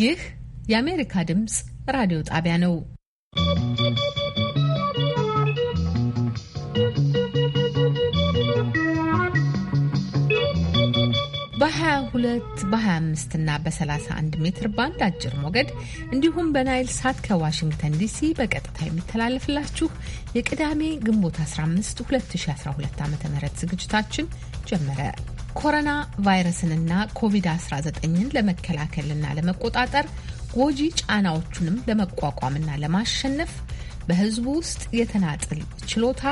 ይህ የአሜሪካ ድምፅ ራዲዮ ጣቢያ ነው። በ22 በ25 እና በ31 ሜትር ባንድ አጭር ሞገድ እንዲሁም በናይል ሳት ከዋሽንግተን ዲሲ በቀጥታ የሚተላለፍላችሁ የቅዳሜ ግንቦት 15 2012 ዓ ም ዝግጅታችን ጀመረ። ኮሮና ቫይረስንና ኮቪድ-19ን ለመከላከልና ለመቆጣጠር ጎጂ ጫናዎቹንም ለመቋቋምና ለማሸነፍ በህዝቡ ውስጥ የተናጥል ችሎታ፣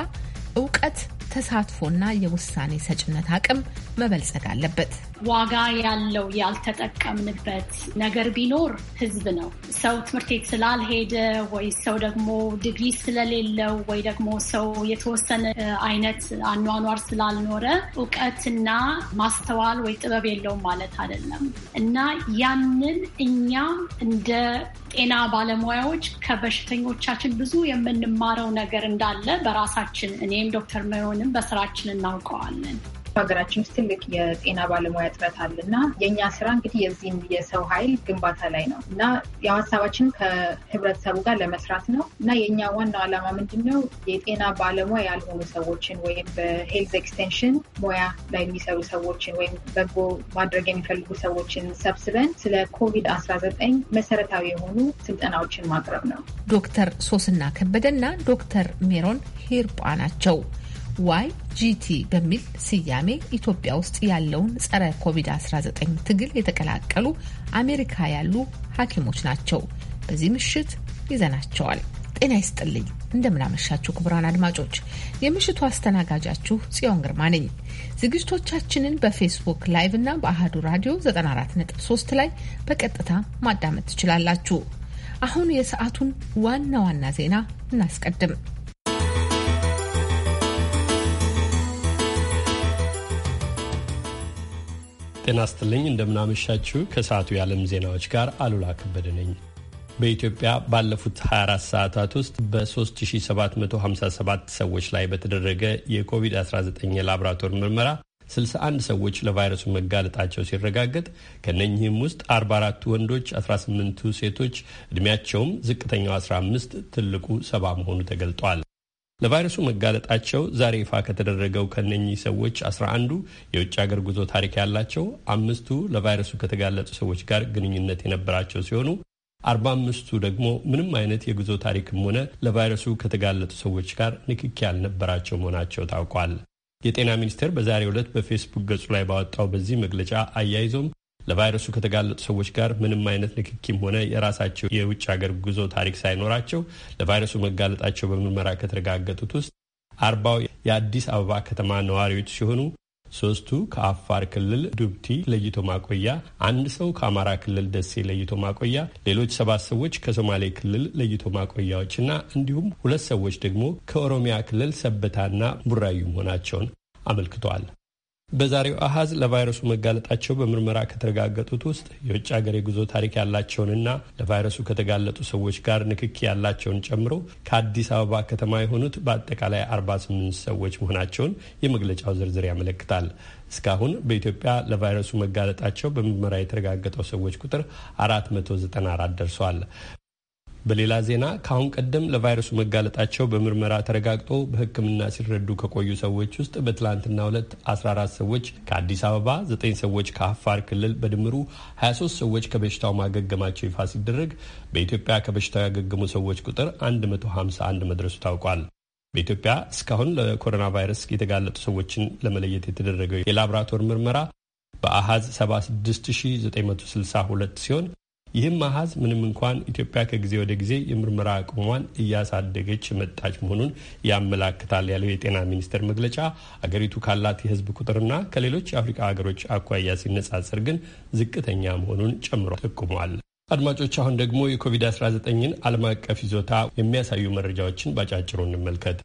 እውቀት፣ ተሳትፎና የውሳኔ ሰጭነት አቅም መበልጸግ አለበት። ዋጋ ያለው ያልተጠቀምንበት ነገር ቢኖር ህዝብ ነው። ሰው ትምህርት ቤት ስላልሄደ ወይ ሰው ደግሞ ዲግሪ ስለሌለው ወይ ደግሞ ሰው የተወሰነ አይነት አኗኗር ስላልኖረ እውቀትና ማስተዋል ወይ ጥበብ የለውም ማለት አይደለም እና ያንን እኛ እንደ ጤና ባለሙያዎች ከበሽተኞቻችን ብዙ የምንማረው ነገር እንዳለ በራሳችን እኔም ዶክተር መሆንም በስራችን እናውቀዋለን። በሀገራችን ውስጥ ትልቅ የጤና ባለሙያ እጥረት አለ እና የእኛ ስራ እንግዲህ የዚህም የሰው ኃይል ግንባታ ላይ ነው እና ያው ሀሳባችን ከህብረተሰቡ ጋር ለመስራት ነው እና የእኛ ዋናው ዓላማ ምንድን ነው የጤና ባለሙያ ያልሆኑ ሰዎችን ወይም በሄልዝ ኤክስቴንሽን ሙያ ላይ የሚሰሩ ሰዎችን ወይም በጎ ማድረግ የሚፈልጉ ሰዎችን ሰብስበን ስለ ኮቪድ 19 መሰረታዊ የሆኑ ስልጠናዎችን ማቅረብ ነው። ዶክተር ሶስና ከበደና ዶክተር ሜሮን ሂርጳ ናቸው። ዋይ ጂቲ በሚል ስያሜ ኢትዮጵያ ውስጥ ያለውን ጸረ ኮቪድ-19 ትግል የተቀላቀሉ አሜሪካ ያሉ ሐኪሞች ናቸው። በዚህ ምሽት ይዘናቸዋል። ጤና ይስጥልኝ። እንደምናመሻችሁ ክቡራን አድማጮች፣ የምሽቱ አስተናጋጃችሁ ጽዮን ግርማ ነኝ። ዝግጅቶቻችንን በፌስቡክ ላይቭ እና በአህዱ ራዲዮ 94.3 ላይ በቀጥታ ማዳመጥ ትችላላችሁ። አሁን የሰዓቱን ዋና ዋና ዜና እናስቀድም። ጤና ይስጥልኝ። እንደምናመሻችሁ ከሰዓቱ የዓለም ዜናዎች ጋር አሉላ ከበደ ነኝ። በኢትዮጵያ ባለፉት 24 ሰዓታት ውስጥ በ3757 ሰዎች ላይ በተደረገ የኮቪድ-19 የላቦራቶሪ ምርመራ 61 ሰዎች ለቫይረሱ መጋለጣቸው ሲረጋገጥ ከነኚህም ውስጥ 44ቱ ወንዶች፣ 18ቱ ሴቶች፣ ዕድሜያቸውም ዝቅተኛው 15 ትልቁ ሰባ መሆኑ ተገልጧል። ለቫይረሱ መጋለጣቸው ዛሬ ይፋ ከተደረገው ከነኚህ ሰዎች አስራ አንዱ የውጭ ሀገር ጉዞ ታሪክ ያላቸው፣ አምስቱ ለቫይረሱ ከተጋለጡ ሰዎች ጋር ግንኙነት የነበራቸው ሲሆኑ አርባ አምስቱ ደግሞ ምንም አይነት የጉዞ ታሪክም ሆነ ለቫይረሱ ከተጋለጡ ሰዎች ጋር ንክኪ ያልነበራቸው መሆናቸው ታውቋል። የጤና ሚኒስቴር በዛሬው ዕለት በፌስቡክ ገጹ ላይ ባወጣው በዚህ መግለጫ አያይዞም ለቫይረሱ ከተጋለጡ ሰዎች ጋር ምንም አይነት ንክኪም ሆነ የራሳቸው የውጭ ሀገር ጉዞ ታሪክ ሳይኖራቸው ለቫይረሱ መጋለጣቸው በምርመራ ከተረጋገጡት ውስጥ አርባው የአዲስ አበባ ከተማ ነዋሪዎች ሲሆኑ ሶስቱ ከአፋር ክልል ዱብቲ ለይቶ ማቆያ፣ አንድ ሰው ከአማራ ክልል ደሴ ለይቶ ማቆያ፣ ሌሎች ሰባት ሰዎች ከሶማሌ ክልል ለይቶ ማቆያዎችና እንዲሁም ሁለት ሰዎች ደግሞ ከኦሮሚያ ክልል ሰበታና ቡራዩ መሆናቸውን አመልክቷል። በዛሬው አሀዝ ለቫይረሱ መጋለጣቸው በምርመራ ከተረጋገጡት ውስጥ የውጭ ሀገር የጉዞ ታሪክ ያላቸውንና ለቫይረሱ ከተጋለጡ ሰዎች ጋር ንክኪ ያላቸውን ጨምሮ ከአዲስ አበባ ከተማ የሆኑት በአጠቃላይ 48 ሰዎች መሆናቸውን የመግለጫው ዝርዝር ያመለክታል። እስካሁን በኢትዮጵያ ለቫይረሱ መጋለጣቸው በምርመራ የተረጋገጠው ሰዎች ቁጥር 494 ደርሷል። በሌላ ዜና ከአሁን ቀደም ለቫይረሱ መጋለጣቸው በምርመራ ተረጋግጦ በሕክምና ሲረዱ ከቆዩ ሰዎች ውስጥ በትላንትና ሁለት 14 ሰዎች ከአዲስ አበባ፣ 9 ሰዎች ከአፋር ክልል በድምሩ 23 ሰዎች ከበሽታው ማገገማቸው ይፋ ሲደረግ በኢትዮጵያ ከበሽታው ያገገሙ ሰዎች ቁጥር 151 መድረሱ ታውቋል። በኢትዮጵያ እስካሁን ለኮሮና ቫይረስ የተጋለጡ ሰዎችን ለመለየት የተደረገው የላቦራቶሪ ምርመራ በአሃዝ 76962 ሲሆን ይህም አሀዝ ምንም እንኳን ኢትዮጵያ ከጊዜ ወደ ጊዜ የምርመራ አቅሟን እያሳደገች መጣች መሆኑን ያመላክታል ያለው የጤና ሚኒስቴር መግለጫ አገሪቱ ካላት የህዝብ ቁጥርና ከሌሎች የአፍሪካ ሀገሮች አኳያ ሲነጻጸር ግን ዝቅተኛ መሆኑን ጨምሮ ጠቁሟል። አድማጮች፣ አሁን ደግሞ የኮቪድ-19ን ዓለም አቀፍ ይዞታ የሚያሳዩ መረጃዎችን ባጫጭሩ እንመልከት።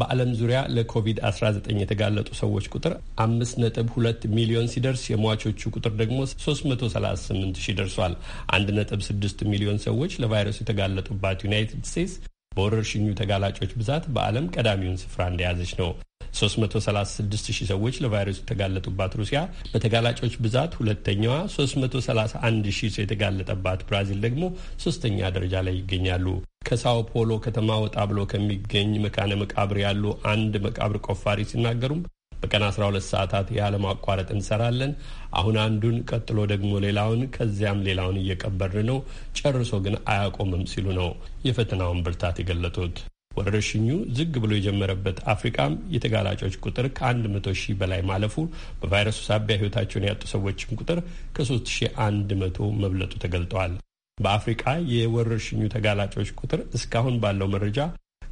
በዓለም ዙሪያ ለኮቪድ-19 የተጋለጡ ሰዎች ቁጥር 5.2 ሚሊዮን ሲደርስ የሟቾቹ ቁጥር ደግሞ 338 ሺህ ደርሷል። 1.6 ሚሊዮን ሰዎች ለቫይረሱ የተጋለጡባት ዩናይትድ ስቴትስ በወረርሽኙ ተጋላጮች ብዛት በዓለም ቀዳሚውን ስፍራ እንደያዘች ነው 336 ሺህ ሰዎች ለቫይረሱ የተጋለጡባት ሩሲያ በተጋላጮች ብዛት ሁለተኛዋ፣ 331 ሺህ ሰው የተጋለጠባት ብራዚል ደግሞ ሶስተኛ ደረጃ ላይ ይገኛሉ። ከሳው ፖሎ ከተማ ወጣ ብሎ ከሚገኝ መካነ መቃብር ያሉ አንድ መቃብር ቆፋሪ ሲናገሩም በቀን 12 ሰዓታት ያለማቋረጥ እንሰራለን። አሁን አንዱን ቀጥሎ ደግሞ ሌላውን ከዚያም ሌላውን እየቀበርን ነው። ጨርሶ ግን አያቆምም ሲሉ ነው የፈተናውን ብርታት የገለጡት። ወረርሽኙ ዝግ ብሎ የጀመረበት አፍሪካም የተጋላጮች ቁጥር ከ100 ሺህ በላይ ማለፉ በቫይረሱ ሳቢያ ህይወታቸውን ያጡ ሰዎችም ቁጥር ከ3100 መብለጡ ተገልጠዋል። በአፍሪቃ የወረርሽኙ ተጋላጮች ቁጥር እስካሁን ባለው መረጃ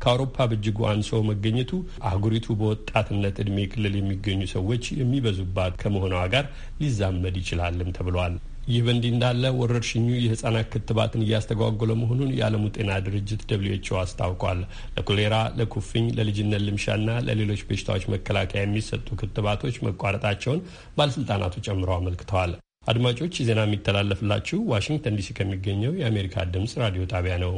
ከአውሮፓ በእጅጉ አንሶ መገኘቱ አህጉሪቱ በወጣትነት ዕድሜ ክልል የሚገኙ ሰዎች የሚበዙባት ከመሆኗ ጋር ሊዛመድ ይችላልም ተብሏል። ይህ በእንዲህ እንዳለ ወረርሽኙ የህጻናት ክትባትን እያስተጓጎለ መሆኑን የዓለሙ ጤና ድርጅት ደብሊውኤችኦ አስታውቋል። ለኮሌራ፣ ለኩፍኝ፣ ለልጅነት ልምሻና ለሌሎች በሽታዎች መከላከያ የሚሰጡ ክትባቶች መቋረጣቸውን ባለስልጣናቱ ጨምረው አመልክተዋል። አድማጮች ዜና የሚተላለፍላችሁ ዋሽንግተን ዲሲ ከሚገኘው የአሜሪካ ድምጽ ራዲዮ ጣቢያ ነው።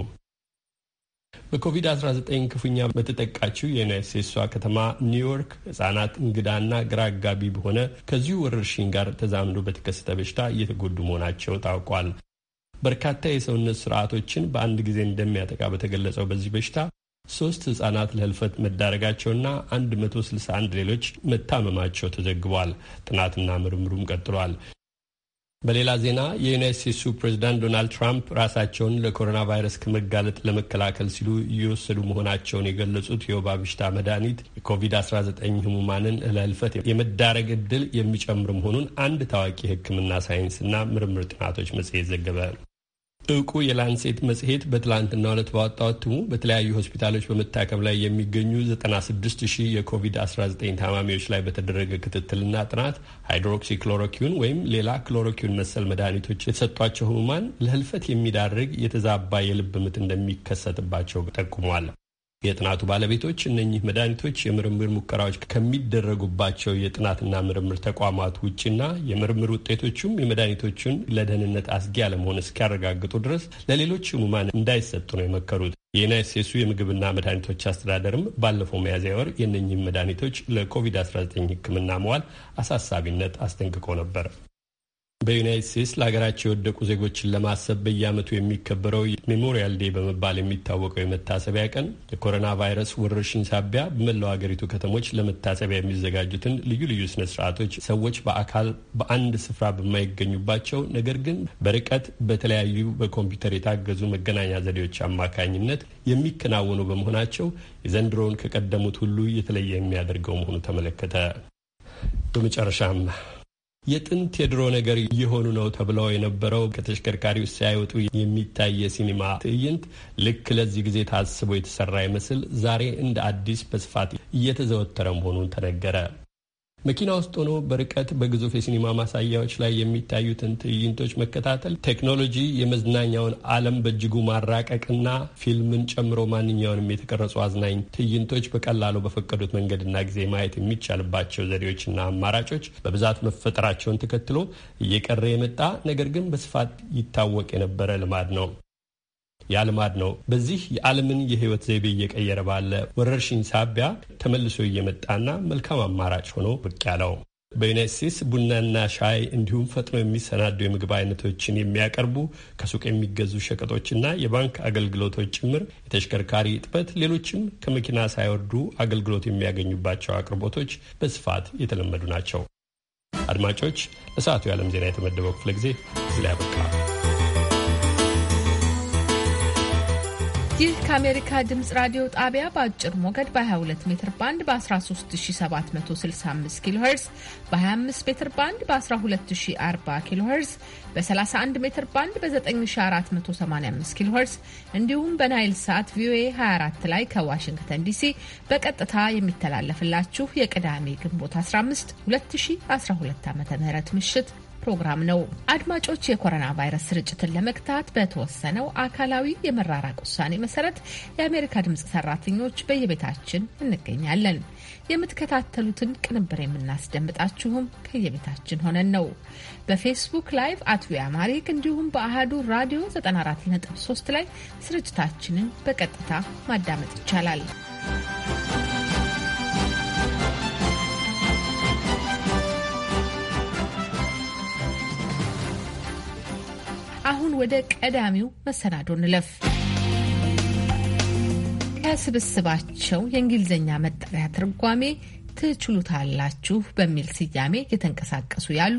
በኮቪድ-19 ክፉኛ በተጠቃችው የዩናይት ስቴትሷ ከተማ ኒውዮርክ ህጻናት እንግዳና ግራ አጋቢ በሆነ ከዚሁ ወረርሽኝ ጋር ተዛምዶ በተከሰተ በሽታ እየተጎዱ መሆናቸው ታውቋል። በርካታ የሰውነት ስርዓቶችን በአንድ ጊዜ እንደሚያጠቃ በተገለጸው በዚህ በሽታ ሶስት ህጻናት ለህልፈት መዳረጋቸውና 161 ሌሎች መታመማቸው ተዘግቧል። ጥናትና ምርምሩም ቀጥሏል። በሌላ ዜና የዩናይት ስቴትሱ ፕሬዚዳንት ዶናልድ ትራምፕ ራሳቸውን ለኮሮና ቫይረስ ከመጋለጥ ለመከላከል ሲሉ እየወሰዱ መሆናቸውን የገለጹት የወባ በሽታ መድኃኒት የኮቪድ-19 ህሙማንን ለህልፈት የመዳረግ ዕድል የሚጨምር መሆኑን አንድ ታዋቂ ሳይንስ ሳይንስና ምርምር ጥናቶች መጽሔት ዘገበ። እውቁ የላንሴት መጽሔት በትላንትና ዕለት ባወጣው እትሙ በተለያዩ ሆስፒታሎች በመታከም ላይ የሚገኙ 96 ሺህ የኮቪድ-19 ታማሚዎች ላይ በተደረገ ክትትልና ጥናት ሃይድሮክሲ ክሎሮኪውን ወይም ሌላ ክሎሮኪን መሰል መድኃኒቶች የተሰጧቸው ህሙማን ለህልፈት የሚዳርግ የተዛባ የልብ ምት እንደሚከሰትባቸው ጠቁሟል። የጥናቱ ባለቤቶች እነኚህ መድኃኒቶች የምርምር ሙከራዎች ከሚደረጉባቸው የጥናትና ምርምር ተቋማት ውጭና የምርምር ውጤቶቹም የመድኃኒቶቹን ለደህንነት አስጊ አለመሆን እስኪያረጋግጡ ድረስ ለሌሎች ህሙማን እንዳይሰጡ ነው የመከሩት። የዩናይት ስቴትሱ የምግብና መድኃኒቶች አስተዳደርም ባለፈው መያዝያ ወር የእነኚህም መድኃኒቶች ለኮቪድ-19 ሕክምና መዋል አሳሳቢነት አስጠንቅቆ ነበር። በዩናይት ስቴትስ ለሀገራቸው የወደቁ ዜጎችን ለማሰብ በየዓመቱ የሚከበረው ሜሞሪያል ዴ በመባል የሚታወቀው የመታሰቢያ ቀን የኮሮና ቫይረስ ወረርሽኝ ሳቢያ በመላው ሀገሪቱ ከተሞች ለመታሰቢያ የሚዘጋጁትን ልዩ ልዩ ስነ ስርዓቶች ሰዎች በአካል በአንድ ስፍራ በማይገኙባቸው ነገር ግን በርቀት በተለያዩ በኮምፒውተር የታገዙ መገናኛ ዘዴዎች አማካኝነት የሚከናወኑ በመሆናቸው የዘንድሮውን ከቀደሙት ሁሉ የተለየ የሚያደርገው መሆኑ ተመለከተ። በመጨረሻም የጥንት የድሮ ነገር እየሆኑ ነው ተብለው የነበረው ከተሽከርካሪ ውስጥ ሳይወጡ የሚታይ የሲኒማ ትዕይንት ልክ ለዚህ ጊዜ ታስቦ የተሰራ ይመስል ዛሬ እንደ አዲስ በስፋት እየተዘወተረ መሆኑን ተነገረ። መኪና ውስጥ ሆኖ በርቀት በግዙፍ የሲኒማ ማሳያዎች ላይ የሚታዩትን ትዕይንቶች መከታተል ቴክኖሎጂ የመዝናኛውን ዓለም በእጅጉ ማራቀቅና ፊልምን ጨምሮ ማንኛውንም የተቀረጹ አዝናኝ ትዕይንቶች በቀላሉ በፈቀዱት መንገድና ጊዜ ማየት የሚቻልባቸው ዘዴዎችና አማራጮች በብዛት መፈጠራቸውን ተከትሎ እየቀረ የመጣ ነገር ግን በስፋት ይታወቅ የነበረ ልማድ ነው። ያልማድ ነው። በዚህ የዓለምን የህይወት ዘይቤ እየቀየረ ባለ ወረርሽኝ ሳቢያ ተመልሶ እየመጣና መልካም አማራጭ ሆኖ ብቅ ያለው በዩናይት ስቴትስ ቡናና ሻይ እንዲሁም ፈጥኖ የሚሰናዱ የምግብ አይነቶችን የሚያቀርቡ ከሱቅ የሚገዙ ሸቀጦችና የባንክ አገልግሎቶች ጭምር፣ የተሽከርካሪ እጥበት፣ ሌሎችም ከመኪና ሳይወርዱ አገልግሎት የሚያገኙባቸው አቅርቦቶች በስፋት የተለመዱ ናቸው። አድማጮች፣ ለሰዓቱ የዓለም ዜና የተመደበው ክፍለ ጊዜ እዚህ ላይ ይህ ከአሜሪካ ድምፅ ራዲዮ ጣቢያ በአጭር ሞገድ በ22 ሜትር ባንድ በ13765 ኪሎ ሄርዝ በ25 ሜትር ባንድ በ1240 ኪሎ ሄርዝ በ31 ሜትር ባንድ በ9485 ኪሎ ሄርዝ እንዲሁም በናይል ሳት ቪኦኤ 24 ላይ ከዋሽንግተን ዲሲ በቀጥታ የሚተላለፍላችሁ የቅዳሜ ግንቦት 15 2012 ም ምሽት ፕሮግራም ነው። አድማጮች፣ የኮሮና ቫይረስ ስርጭትን ለመግታት በተወሰነው አካላዊ የመራራቅ ውሳኔ መሰረት የአሜሪካ ድምፅ ሰራተኞች በየቤታችን እንገኛለን። የምትከታተሉትን ቅንብር የምናስደምጣችሁም ከየቤታችን ሆነን ነው። በፌስቡክ ላይቭ አት ቪኦኤ አማሪክ እንዲሁም በአህዱ ራዲዮ 94.3 ላይ ስርጭታችንን በቀጥታ ማዳመጥ ይቻላል። አሁን ወደ ቀዳሚው መሰናዶ እንለፍ። ከስብስባቸው የእንግሊዝኛ መጠሪያ ትርጓሜ ትችሉታላችሁ በሚል ስያሜ እየተንቀሳቀሱ ያሉ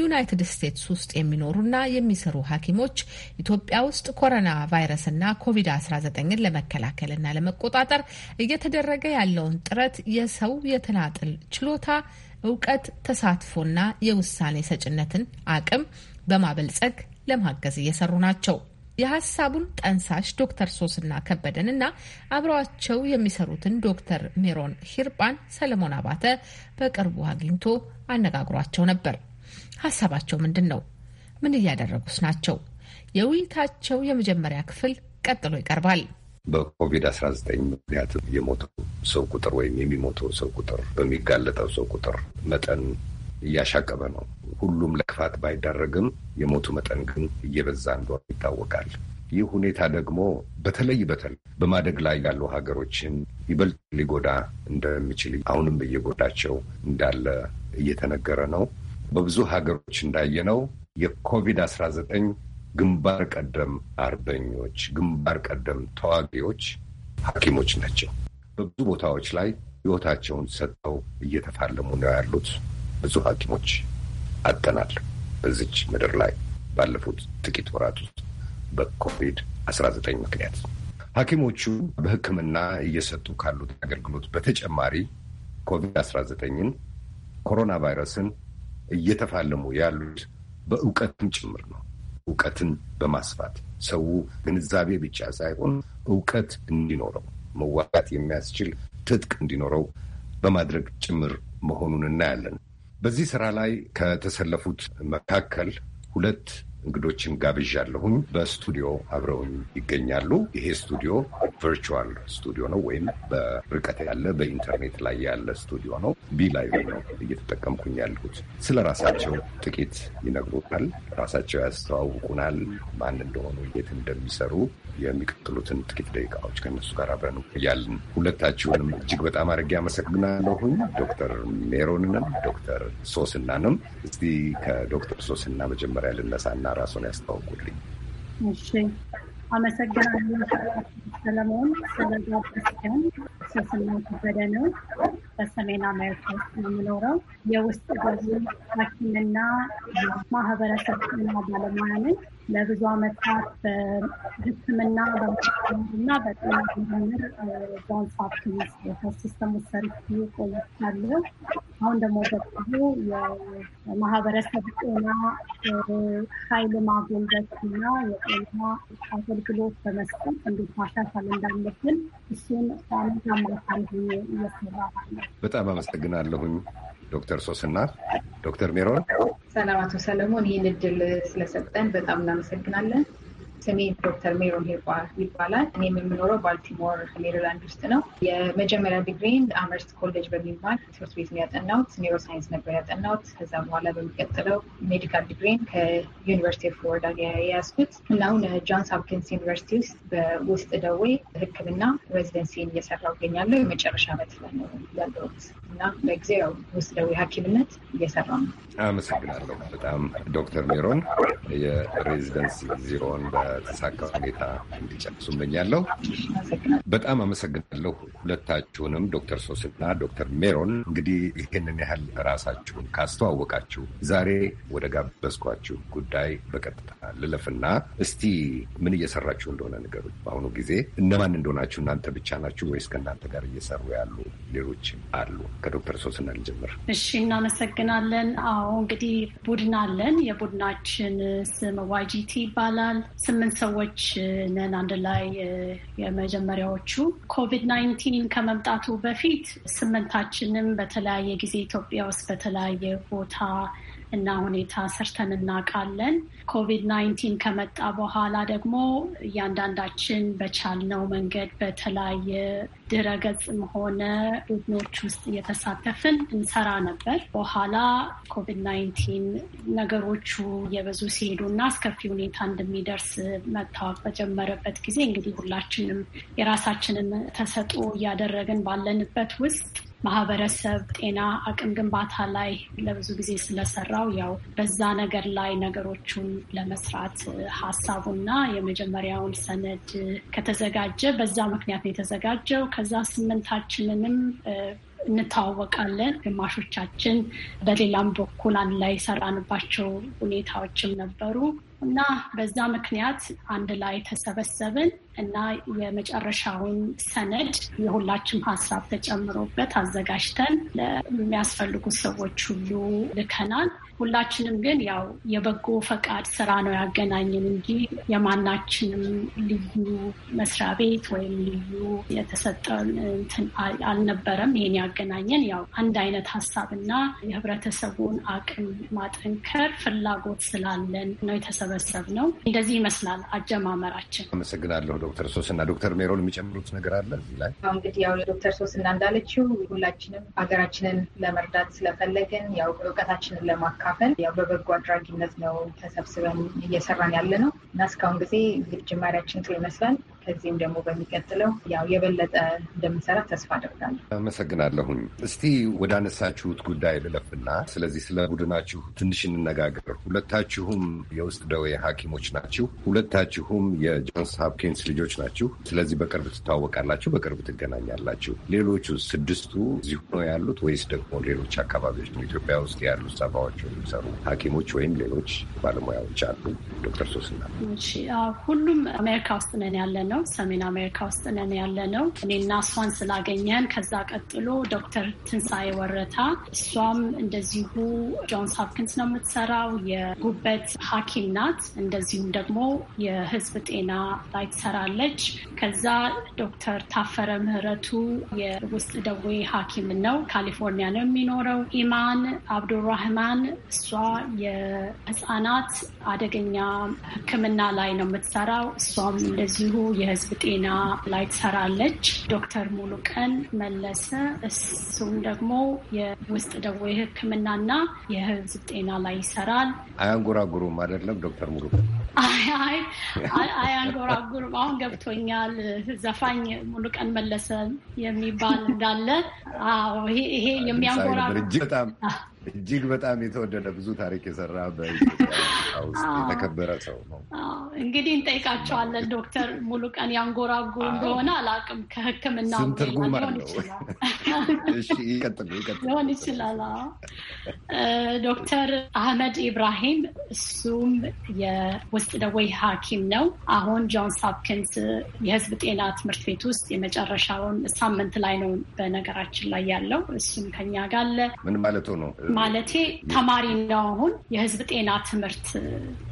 ዩናይትድ ስቴትስ ውስጥ የሚኖሩና የሚሰሩ ሐኪሞች ኢትዮጵያ ውስጥ ኮሮና ቫይረስና ኮቪድ-19ን ለመከላከልና ለመቆጣጠር እየተደረገ ያለውን ጥረት የሰው የተናጥል ችሎታ፣ እውቀት፣ ተሳትፎና የውሳኔ ሰጭነትን አቅም በማበልጸግ ለማገዝ እየሰሩ ናቸው። የሀሳቡን ጠንሳሽ ዶክተር ሶስና ከበደን እና አብረዋቸው የሚሰሩትን ዶክተር ሜሮን ሂርጳን ሰለሞን አባተ በቅርቡ አግኝቶ አነጋግሯቸው ነበር። ሀሳባቸው ምንድን ነው? ምን እያደረጉስ ናቸው? የውይይታቸው የመጀመሪያ ክፍል ቀጥሎ ይቀርባል። በኮቪድ-19 ምክንያት የሞተው ሰው ቁጥር ወይም የሚሞተው ሰው ቁጥር በሚጋለጠው ሰው ቁጥር መጠን እያሻቀበ ነው። ሁሉም ለክፋት ባይዳረግም የሞቱ መጠን ግን እየበዛ እንደሆነ ይታወቃል። ይህ ሁኔታ ደግሞ በተለይ በተለይ በማደግ ላይ ያሉ ሀገሮችን ይበልጥ ሊጎዳ እንደሚችል አሁንም እየጎዳቸው እንዳለ እየተነገረ ነው። በብዙ ሀገሮች እንዳየነው የኮቪድ 19 ግንባር ቀደም አርበኞች፣ ግንባር ቀደም ተዋጊዎች ሐኪሞች ናቸው። በብዙ ቦታዎች ላይ ሕይወታቸውን ሰጥተው እየተፋለሙ ነው ያሉት። ብዙ ሐኪሞች አጠናል በዚች ምድር ላይ ባለፉት ጥቂት ወራት ውስጥ በኮቪድ አስራ ዘጠኝ ምክንያት ሐኪሞቹ በሕክምና እየሰጡ ካሉት አገልግሎት በተጨማሪ ኮቪድ አስራ ዘጠኝን ኮሮና ቫይረስን እየተፋለሙ ያሉት በእውቀትም ጭምር ነው። እውቀትን በማስፋት ሰው ግንዛቤ ብቻ ሳይሆን እውቀት እንዲኖረው መዋጋት የሚያስችል ትጥቅ እንዲኖረው በማድረግ ጭምር መሆኑን እናያለን። በዚህ ስራ ላይ ከተሰለፉት መካከል ሁለት እንግዶችን ጋብዣለሁኝ። በስቱዲዮ አብረውኝ ይገኛሉ። ይሄ ስቱዲዮ ቨርቹዋል ስቱዲዮ ነው፣ ወይም በርቀት ያለ በኢንተርኔት ላይ ያለ ስቱዲዮ ነው። ቢ ነው እየተጠቀምኩኝ ያልኩት። ስለ ራሳቸው ጥቂት ይነግሩናል፣ ራሳቸው ያስተዋውቁናል፣ ማን እንደሆኑ፣ የት እንደሚሰሩ የሚቀጥሉትን ጥቂት ደቂቃዎች ከነሱ ጋር አብረን እያልን ሁለታችሁንም እጅግ በጣም አድርጌ አመሰግናለሁኝ። ዶክተር ሜሮንንም ዶክተር ሶስናንም እስቲ ከዶክተር ሶስና መጀመሪያ ልነሳና ራሱን ያስታውቁልኝ። እሺ፣ አመሰግናለሁ ሰለሞን። ስለጋበዝከን ስስናው ከበደ ነው። በሰሜን አሜሪካ ውስጥ የምኖረው የውስጥ ደዌ ሐኪምና ማህበረሰብ ጤና ባለሙያ ነኝ። ለብዙ ዓመታት በሕክምና በመና በጤና ምርምር ጆንስ ሆፕኪንስ ሄልዝ ሲስተም ውስጥ ሰርቼ ቆይቻለሁ። አሁን ደግሞ በቅርቡ የማህበረሰብ ጤና ኃይል ማጎልበት እና የጤና አገልግሎት በመስጠት እንዴት ማሻሻል እንዳለብን እሱን በአመት አማካኝ እየሰራ ነው። በጣም አመሰግናለሁኝ። ዶክተር ሶስና ዶክተር ሜሮን ሰላም። አቶ ሰለሞን ይህን እድል ስለሰጠን በጣም እናመሰግናለን። ስሜ ዶክተር ሜሮን ይባላል። እኔም የምኖረው ባልቲሞር ሜሪላንድ ውስጥ ነው። የመጀመሪያ ዲግሪን አመርስት ኮሌጅ በሚባል ትምህርት ቤት ነው ያጠናሁት። ኒሮ ሳይንስ ነበር ያጠናሁት። ከዛ በኋላ በሚቀጥለው ሜዲካል ዲግሪን ከዩኒቨርሲቲ ኦፍ ፍሎሪዳ የያዝኩት እና አሁን ጆንስ ሀፕኪንስ ዩኒቨርሲቲ ውስጥ በውስጥ ደዌ ሕክምና ሬዚደንሲን እየሰራሁ እገኛለሁ። የመጨረሻ ዓመት ላይ ነው ያለሁት እና በጊዜው ውስጥ ደዌ ሐኪምነት እየሰራ ነው። አመሰግናለሁ በጣም ዶክተር ሜሮን የሬዚደንሲ ጊዜውን በተሳካ ሁኔታ እንዲጨርሱ እመኛለሁ። በጣም አመሰግናለሁ ሁለታችሁንም፣ ዶክተር ሶስና ዶክተር ሜሮን። እንግዲህ ይህንን ያህል ራሳችሁን ካስተዋወቃችሁ ዛሬ ወደ ጋበዝኳችሁ ጉዳይ በቀጥታ ልለፍና እስቲ ምን እየሰራችሁ እንደሆነ ነገሮች በአሁኑ ጊዜ እነማን እንደሆናችሁ እናንተ ብቻ ናችሁ ወይስ ከእናንተ ጋር እየሰሩ ያሉ ሌሎች አሉ? ከዶክተር ሶስና ልጀምር። እሺ፣ እናመሰግናለን። አዎ እንግዲህ ቡድን አለን። የቡድናችን ስም ዋይጂቲ ይባላል። ስምንት ሰዎች ነን አንድ ላይ የመጀመሪያዎቹ። ኮቪድ ናይንቲን ከመምጣቱ በፊት ስምንታችንም በተለያየ ጊዜ ኢትዮጵያ ውስጥ በተለያየ ቦታ እና ሁኔታ ሰርተን እናውቃለን። ኮቪድ 19 ከመጣ በኋላ ደግሞ እያንዳንዳችን በቻልነው መንገድ በተለያየ ድረገጽም ሆነ ቡድኖች ውስጥ እየተሳተፍን እንሰራ ነበር። በኋላ ኮቪድ 19 ነገሮቹ እየበዙ ሲሄዱ እና አስከፊ ሁኔታ እንደሚደርስ መታወቅ በጀመረበት ጊዜ እንግዲህ ሁላችንም የራሳችንን ተሰጥኦ እያደረግን ባለንበት ውስጥ ማህበረሰብ ጤና አቅም ግንባታ ላይ ለብዙ ጊዜ ስለሰራው ያው በዛ ነገር ላይ ነገሮቹን ለመስራት ሀሳቡና የመጀመሪያውን ሰነድ ከተዘጋጀ በዛ ምክንያት ነው የተዘጋጀው። ከዛ ስምንታችንንም እንተዋወቃለን። ግማሾቻችን በሌላም በኩል አንድ ላይ የሰራንባቸው ሁኔታዎችም ነበሩ እና በዛ ምክንያት አንድ ላይ ተሰበሰብን እና የመጨረሻውን ሰነድ የሁላችም ሀሳብ ተጨምሮበት አዘጋጅተን ለሚያስፈልጉት ሰዎች ሁሉ ልከናል። ሁላችንም ግን ያው የበጎ ፈቃድ ስራ ነው ያገናኘን እንጂ የማናችንም ልዩ መስሪያ ቤት ወይም ልዩ የተሰጠን እንትን አልነበረም። ይህን ያገናኘን ያው አንድ አይነት ሀሳብና የህብረተሰቡን አቅም ማጠንከር ፍላጎት ስላለን ነው የተሰበሰብነው። እንደዚህ ይመስላል አጀማመራችን። አመሰግናለሁ ዶክተር ሶስና። ዶክተር ሜሮን የሚጨምሩት ነገር አለ እዚህ ላይ? እንግዲህ ያው ዶክተር ሶስና እንዳለችው ሁላችንም ሀገራችንን ለመርዳት ስለፈለግን ያው እውቀታችንን ለማካ ለመካፈል ያው በበጎ አድራጊነት ነው ተሰብስበን እየሰራን ያለ ነው እና እስካሁን ጊዜ ጅማሪያችን ጥሩ ይመስላል። ከዚህም ደግሞ በሚቀጥለው ያው የበለጠ እንደምንሰራ ተስፋ አደርጋለሁ። አመሰግናለሁኝ። እስቲ ወዳነሳችሁት ጉዳይ ልለፍና ስለዚህ ስለ ቡድናችሁ ትንሽ እንነጋገር። ሁለታችሁም የውስጥ ደዌ ሐኪሞች ናችሁ። ሁለታችሁም የጆንስ ሀፕኪንስ ልጆች ናችሁ። ስለዚህ በቅርብ ትተዋወቃላችሁ፣ በቅርብ ትገናኛላችሁ። ሌሎቹ ስድስቱ እዚሁ ነው ያሉት ወይስ ደግሞ ሌሎች አካባቢዎች ነው? ኢትዮጵያ ውስጥ ያሉ ሰባዎቹ የሚሰሩ ሐኪሞች ወይም ሌሎች ባለሙያዎች አሉ? ዶክተር ሶስና ሁሉም አሜሪካ ውስጥ ነን ያለ ነው ነው። ሰሜን አሜሪካ ውስጥ ነን ያለ ነው። እኔና እሷን ስላገኘን ከዛ ቀጥሎ ዶክተር ትንሳኤ ወረታ እሷም እንደዚሁ ጆንስ ሀፕኪንስ ነው የምትሰራው። የጉበት ሐኪም ናት። እንደዚሁም ደግሞ የህዝብ ጤና ላይ ትሰራለች። ከዛ ዶክተር ታፈረ ምህረቱ የውስጥ ደዌ ሐኪም ነው። ካሊፎርኒያ ነው የሚኖረው። ኢማን አብዱራህማን እሷ የህፃናት አደገኛ ሕክምና ላይ ነው የምትሰራው። እሷም እንደዚሁ የህዝብ ጤና ላይ ትሰራለች። ዶክተር ሙሉቀን መለሰ እሱም ደግሞ የውስጥ ደዌ ሕክምናና የህዝብ ጤና ላይ ይሰራል። አያንጎራጉሩም አይደለም ዶክተር ሙሉቀን? አይ አያንጎራጉሩም። አሁን ገብቶኛል። ዘፋኝ ሙሉቀን መለሰ የሚባል እንዳለ ይሄ በጣም እጅግ በጣም የተወደደ ብዙ ታሪክ የሰራ በኢትዮጵያ ውስጥ የተከበረ ሰው ነው። እንግዲህ እንጠይቃቸዋለን። ዶክተር ሙሉቀን ያንጎራጉ እንደሆነ አላውቅም። ከሕክምና ትርጉም አለው ሊሆን ይችላል። ዶክተር አህመድ ኢብራሂም እሱም የውስጥ ደዌ ሐኪም ነው። አሁን ጆንስ ሆፕኪንስ የህዝብ ጤና ትምህርት ቤት ውስጥ የመጨረሻውን ሳምንት ላይ ነው በነገራችን ላይ ያለው። እሱም ከኛ ጋር አለ። ምን ማለት ነው? ማለቴ ተማሪ ነው። አሁን የህዝብ ጤና ትምህርት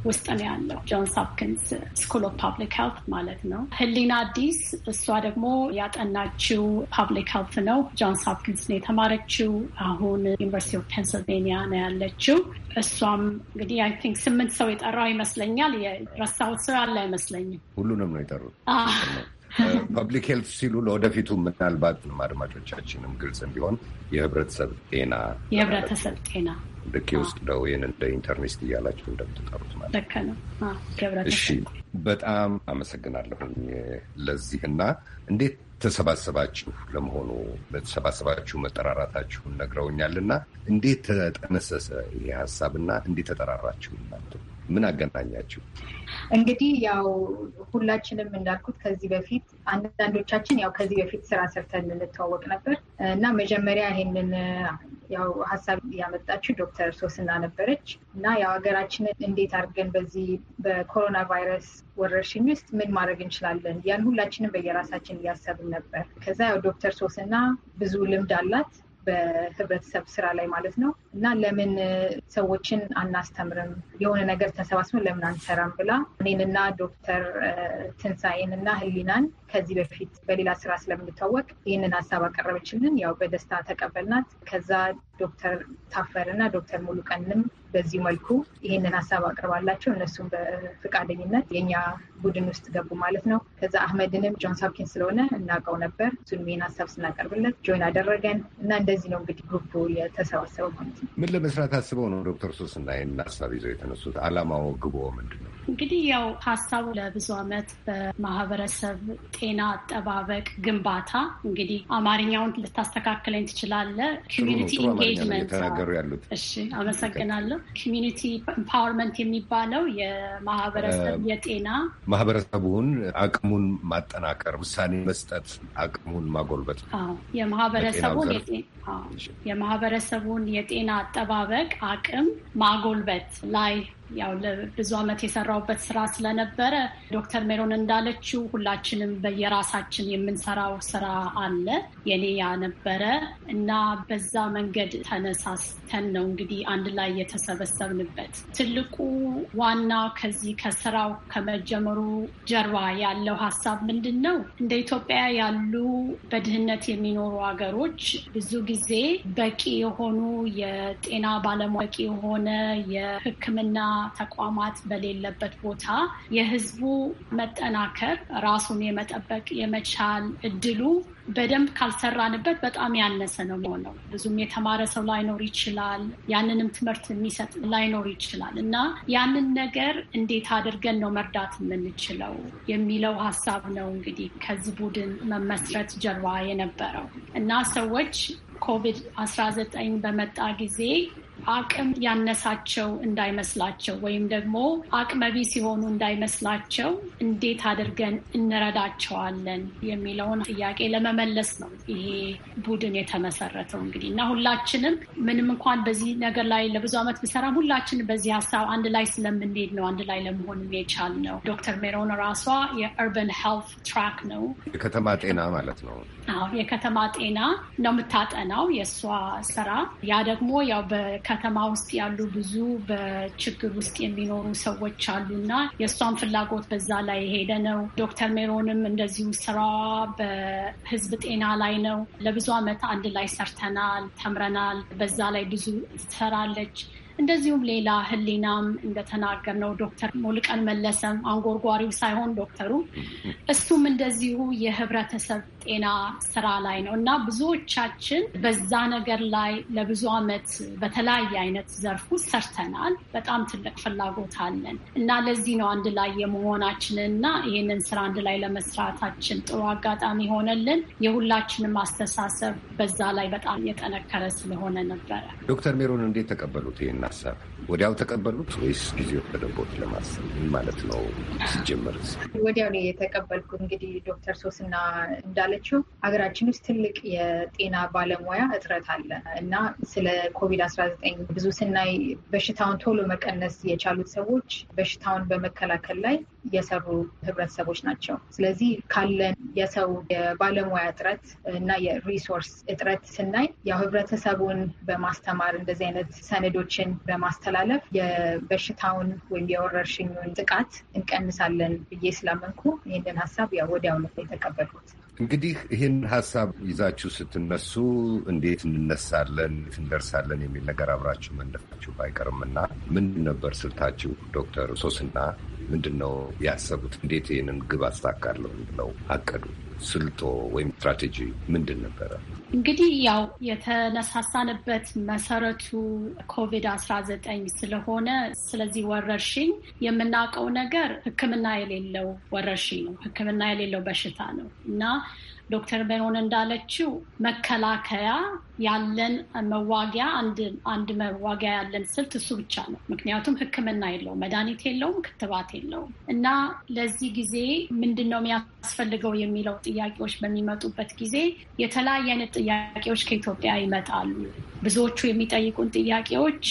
ውስጥ ነው ያለው ጆንስ ሆፕኪንስ ስኩል ኦፍ ፓብሊክ ሄልት ማለት ነው። ህሊና አዲስ እሷ ደግሞ ያጠናችው ፓብሊክ ሄልት ነው። ጆንስ ሆፕኪንስ ነው የተማረችው። አሁን ዩኒቨርሲቲ ኦፍ ፔንስልቬኒያ ነው ያለችው። እሷም እንግዲህ አይ ቲንክ ስምንት ሰው የጠራው ይመስለኛል። የረሳሁት ሰው ያለ አይመስለኝም። ሁሉንም ነው የጠሩት። ፐብሊክ ሄልት ሲሉ ለወደፊቱ ምናልባት አድማጮቻችንም ግልጽ እንዲሆን የህብረተሰብ ጤና የህብረተሰብ ጤና ልክ ደው ይህን እንደ ኢንተርኔስት እያላቸው እንደምትጠሩት ማለት ነው። እሺ፣ በጣም አመሰግናለሁኝ ለዚህና እንዴት ተሰባሰባችሁ ለመሆኑ በተሰባሰባችሁ መጠራራታችሁን ነግረውኛልና እንዴት ተጠነሰሰ ይህ ሀሳብና እንዴት ተጠራራችሁ እናንተ? ምን አገናኛችሁ? እንግዲህ ያው ሁላችንም እንዳልኩት ከዚህ በፊት አንዳንዶቻችን ያው ከዚህ በፊት ስራ ሰርተን እንተዋወቅ ነበር እና መጀመሪያ ይሄንን ያው ሀሳብ ያመጣችው ዶክተር ሶስና ነበረች እና ያው ሀገራችንን እንዴት አድርገን በዚህ በኮሮና ቫይረስ ወረርሽኝ ውስጥ ምን ማድረግ እንችላለን ያን ሁላችንም በየራሳችን እያሰብን ነበር። ከዛ ያው ዶክተር ሶስና ብዙ ልምድ አላት በህብረተሰብ ስራ ላይ ማለት ነው እና ለምን ሰዎችን አናስተምርም የሆነ ነገር ተሰባስበን ለምን አንሰራም ብላ እኔንና ዶክተር ትንሣኤንና ህሊናን ከዚህ በፊት በሌላ ስራ ስለምንታወቅ ይህንን ሀሳብ አቀረበችልን። ያው በደስታ ተቀበልናት። ከዛ ዶክተር ታፈርና ዶክተር ሙሉቀንም በዚህ መልኩ ይህንን ሀሳብ አቅርባላቸው እነሱም በፈቃደኝነት የኛ ቡድን ውስጥ ገቡ ማለት ነው። ከዛ አህመድንም ጆን ሳፕኪን ስለሆነ እናውቀው ነበር። እሱን ይህን ሀሳብ ስናቀርብለት ጆይን አደረገን እና እንደዚህ ነው እንግዲህ ግሩፑ የተሰባሰበው ማለት ነው። ምን ለመስራት አስበው ነው ዶክተር ሶስና ይህን ሀሳብ ይዘው የተነሱት? አላማው ግቦ ምንድን ነው? እንግዲህ ያው ሀሳቡ ለብዙ አመት በማህበረሰብ ጤና አጠባበቅ ግንባታ እንግዲህ አማርኛውን ልታስተካክለኝ ትችላለህ። ኮሚኒቲ ኢንጌጅመንት የተናገሩ ያሉት። እሺ አመሰግናለሁ። ኮሚኒቲ ኢምፓወርመንት የሚባለው የማህበረሰብ የጤና ማህበረሰቡን አቅሙን ማጠናከር፣ ውሳኔ መስጠት አቅሙን ማጎልበት የማህበረሰቡን የማህበረሰቡን የጤና አጠባበቅ አቅም ማጎልበት ላይ ያው ብዙ ዓመት የሰራውበት ስራ ስለነበረ ዶክተር ሜሮን እንዳለችው ሁላችንም በየራሳችን የምንሰራው ስራ አለ። የኔ ያ ነበረ እና በዛ መንገድ ተነሳስተን ነው እንግዲህ አንድ ላይ የተሰበሰብንበት። ትልቁ ዋና ከዚህ ከስራው ከመጀመሩ ጀርባ ያለው ሀሳብ ምንድን ነው? እንደ ኢትዮጵያ ያሉ በድህነት የሚኖሩ ሀገሮች ብዙ ጊዜ በቂ የሆኑ የጤና ባለሙያ በቂ የሆነ የሕክምና ተቋማት በሌለበት ቦታ የህዝቡ መጠናከር ራሱን የመጠበቅ የመቻል እድሉ በደንብ ካልሰራንበት በጣም ያነሰ ነው የሚሆነው። ብዙም የተማረ ሰው ላይኖር ይችላል። ያንንም ትምህርት የሚሰጥ ላይኖር ይችላል እና ያንን ነገር እንዴት አድርገን ነው መርዳት የምንችለው የሚለው ሀሳብ ነው እንግዲህ ከዚህ ቡድን መመስረት ጀርባ የነበረው እና ሰዎች ኮቪድ-19 በመጣ ጊዜ አቅም ያነሳቸው እንዳይመስላቸው ወይም ደግሞ አቅመቢ ሲሆኑ እንዳይመስላቸው እንዴት አድርገን እንረዳቸዋለን የሚለውን ጥያቄ ለመመለስ ነው ይሄ ቡድን የተመሰረተው። እንግዲህ እና ሁላችንም ምንም እንኳን በዚህ ነገር ላይ ለብዙ ዓመት ብሰራም ሁላችንም በዚህ ሀሳብ አንድ ላይ ስለምንሄድ ነው አንድ ላይ ለመሆን የቻል ነው። ዶክተር ሜሮን ራሷ የእርበን ሄልት ትራክ ነው የከተማ ጤና ማለት ነው። አዎ የከተማ ጤና ነው የምታጠናው የእሷ ስራ ያ ደግሞ ያው ከተማ ውስጥ ያሉ ብዙ በችግር ውስጥ የሚኖሩ ሰዎች አሉ እና የእሷን ፍላጎት በዛ ላይ የሄደ ነው። ዶክተር ሜሮንም እንደዚሁ ስራዋ በህዝብ ጤና ላይ ነው። ለብዙ ዓመት አንድ ላይ ሰርተናል፣ ተምረናል። በዛ ላይ ብዙ ትሰራለች። እንደዚሁም ሌላ ህሊናም እንደተናገር ነው ዶክተር ሙልቀን መለሰም አንጎርጓሪው ሳይሆን ዶክተሩ እሱም እንደዚሁ የህብረተሰብ ጤና ስራ ላይ ነው እና ብዙዎቻችን በዛ ነገር ላይ ለብዙ አመት በተለያየ አይነት ዘርፉ ሰርተናል። በጣም ትልቅ ፍላጎት አለን እና ለዚህ ነው አንድ ላይ የመሆናችንን እና ይህንን ስራ አንድ ላይ ለመስራታችን ጥሩ አጋጣሚ ሆነልን። የሁላችንም አስተሳሰብ በዛ ላይ በጣም የጠነከረ ስለሆነ ነበረ። ዶክተር ሜሮን እንዴት ተቀበሉት ይህንን ሀሳብ ወዲያው ተቀበሉት ወይስ ጊዜ ወሰደቦት ለማሰብ ማለት ነው? ሲጀመር ወዲያው ነው እንግዲህ ዶክተር ሶስና እንዳለችው ሀገራችን ውስጥ ትልቅ የጤና ባለሙያ እጥረት አለ እና ስለ ኮቪድ 19 ብዙ ስናይ በሽታውን ቶሎ መቀነስ የቻሉት ሰዎች በሽታውን በመከላከል ላይ የሰሩ ህብረተሰቦች ናቸው። ስለዚህ ካለን የሰው የባለሙያ እጥረት እና የሪሶርስ እጥረት ስናይ ያው ህብረተሰቡን በማስተማር እንደዚህ አይነት ሰነዶችን በማስተላለፍ የበሽታውን ወይም የወረርሽኙን ጥቃት እንቀንሳለን ብዬ ስላመንኩ ይህንን ሀሳብ ያው ወዲያውኑ የተቀበልኩት። እንግዲህ ይህን ሀሳብ ይዛችሁ ስትነሱ እንዴት እንነሳለን እንደርሳለን የሚል ነገር አብራችሁ መንደፋችሁ ባይቀርምና ምንድን ነበር ስልታችሁ ዶክተር ሶስና ምንድን ነው ያሰቡት? እንዴት ይህንን ግብ አሳካለሁ ብለው አቀዱ? ስልቶ ወይም ስትራቴጂ ምንድን ነበረ? እንግዲህ ያው የተነሳሳንበት መሰረቱ ኮቪድ አስራ ዘጠኝ ስለሆነ ስለዚህ ወረርሽኝ የምናውቀው ነገር ሕክምና የሌለው ወረርሽኝ ነው። ሕክምና የሌለው በሽታ ነው እና ዶክተር በሆነ እንዳለችው መከላከያ ያለን መዋጊያ አንድ መዋጊያ ያለን ስልት እሱ ብቻ ነው። ምክንያቱም ሕክምና የለውም፣ መድኃኒት የለውም፣ ክትባት የለውም እና ለዚህ ጊዜ ምንድን ነው የሚያስፈልገው የሚለው ጥያቄዎች በሚመጡበት ጊዜ የተለያየ አይነት ጥያቄዎች ከኢትዮጵያ ይመጣሉ። ብዙዎቹ የሚጠይቁን ጥያቄዎች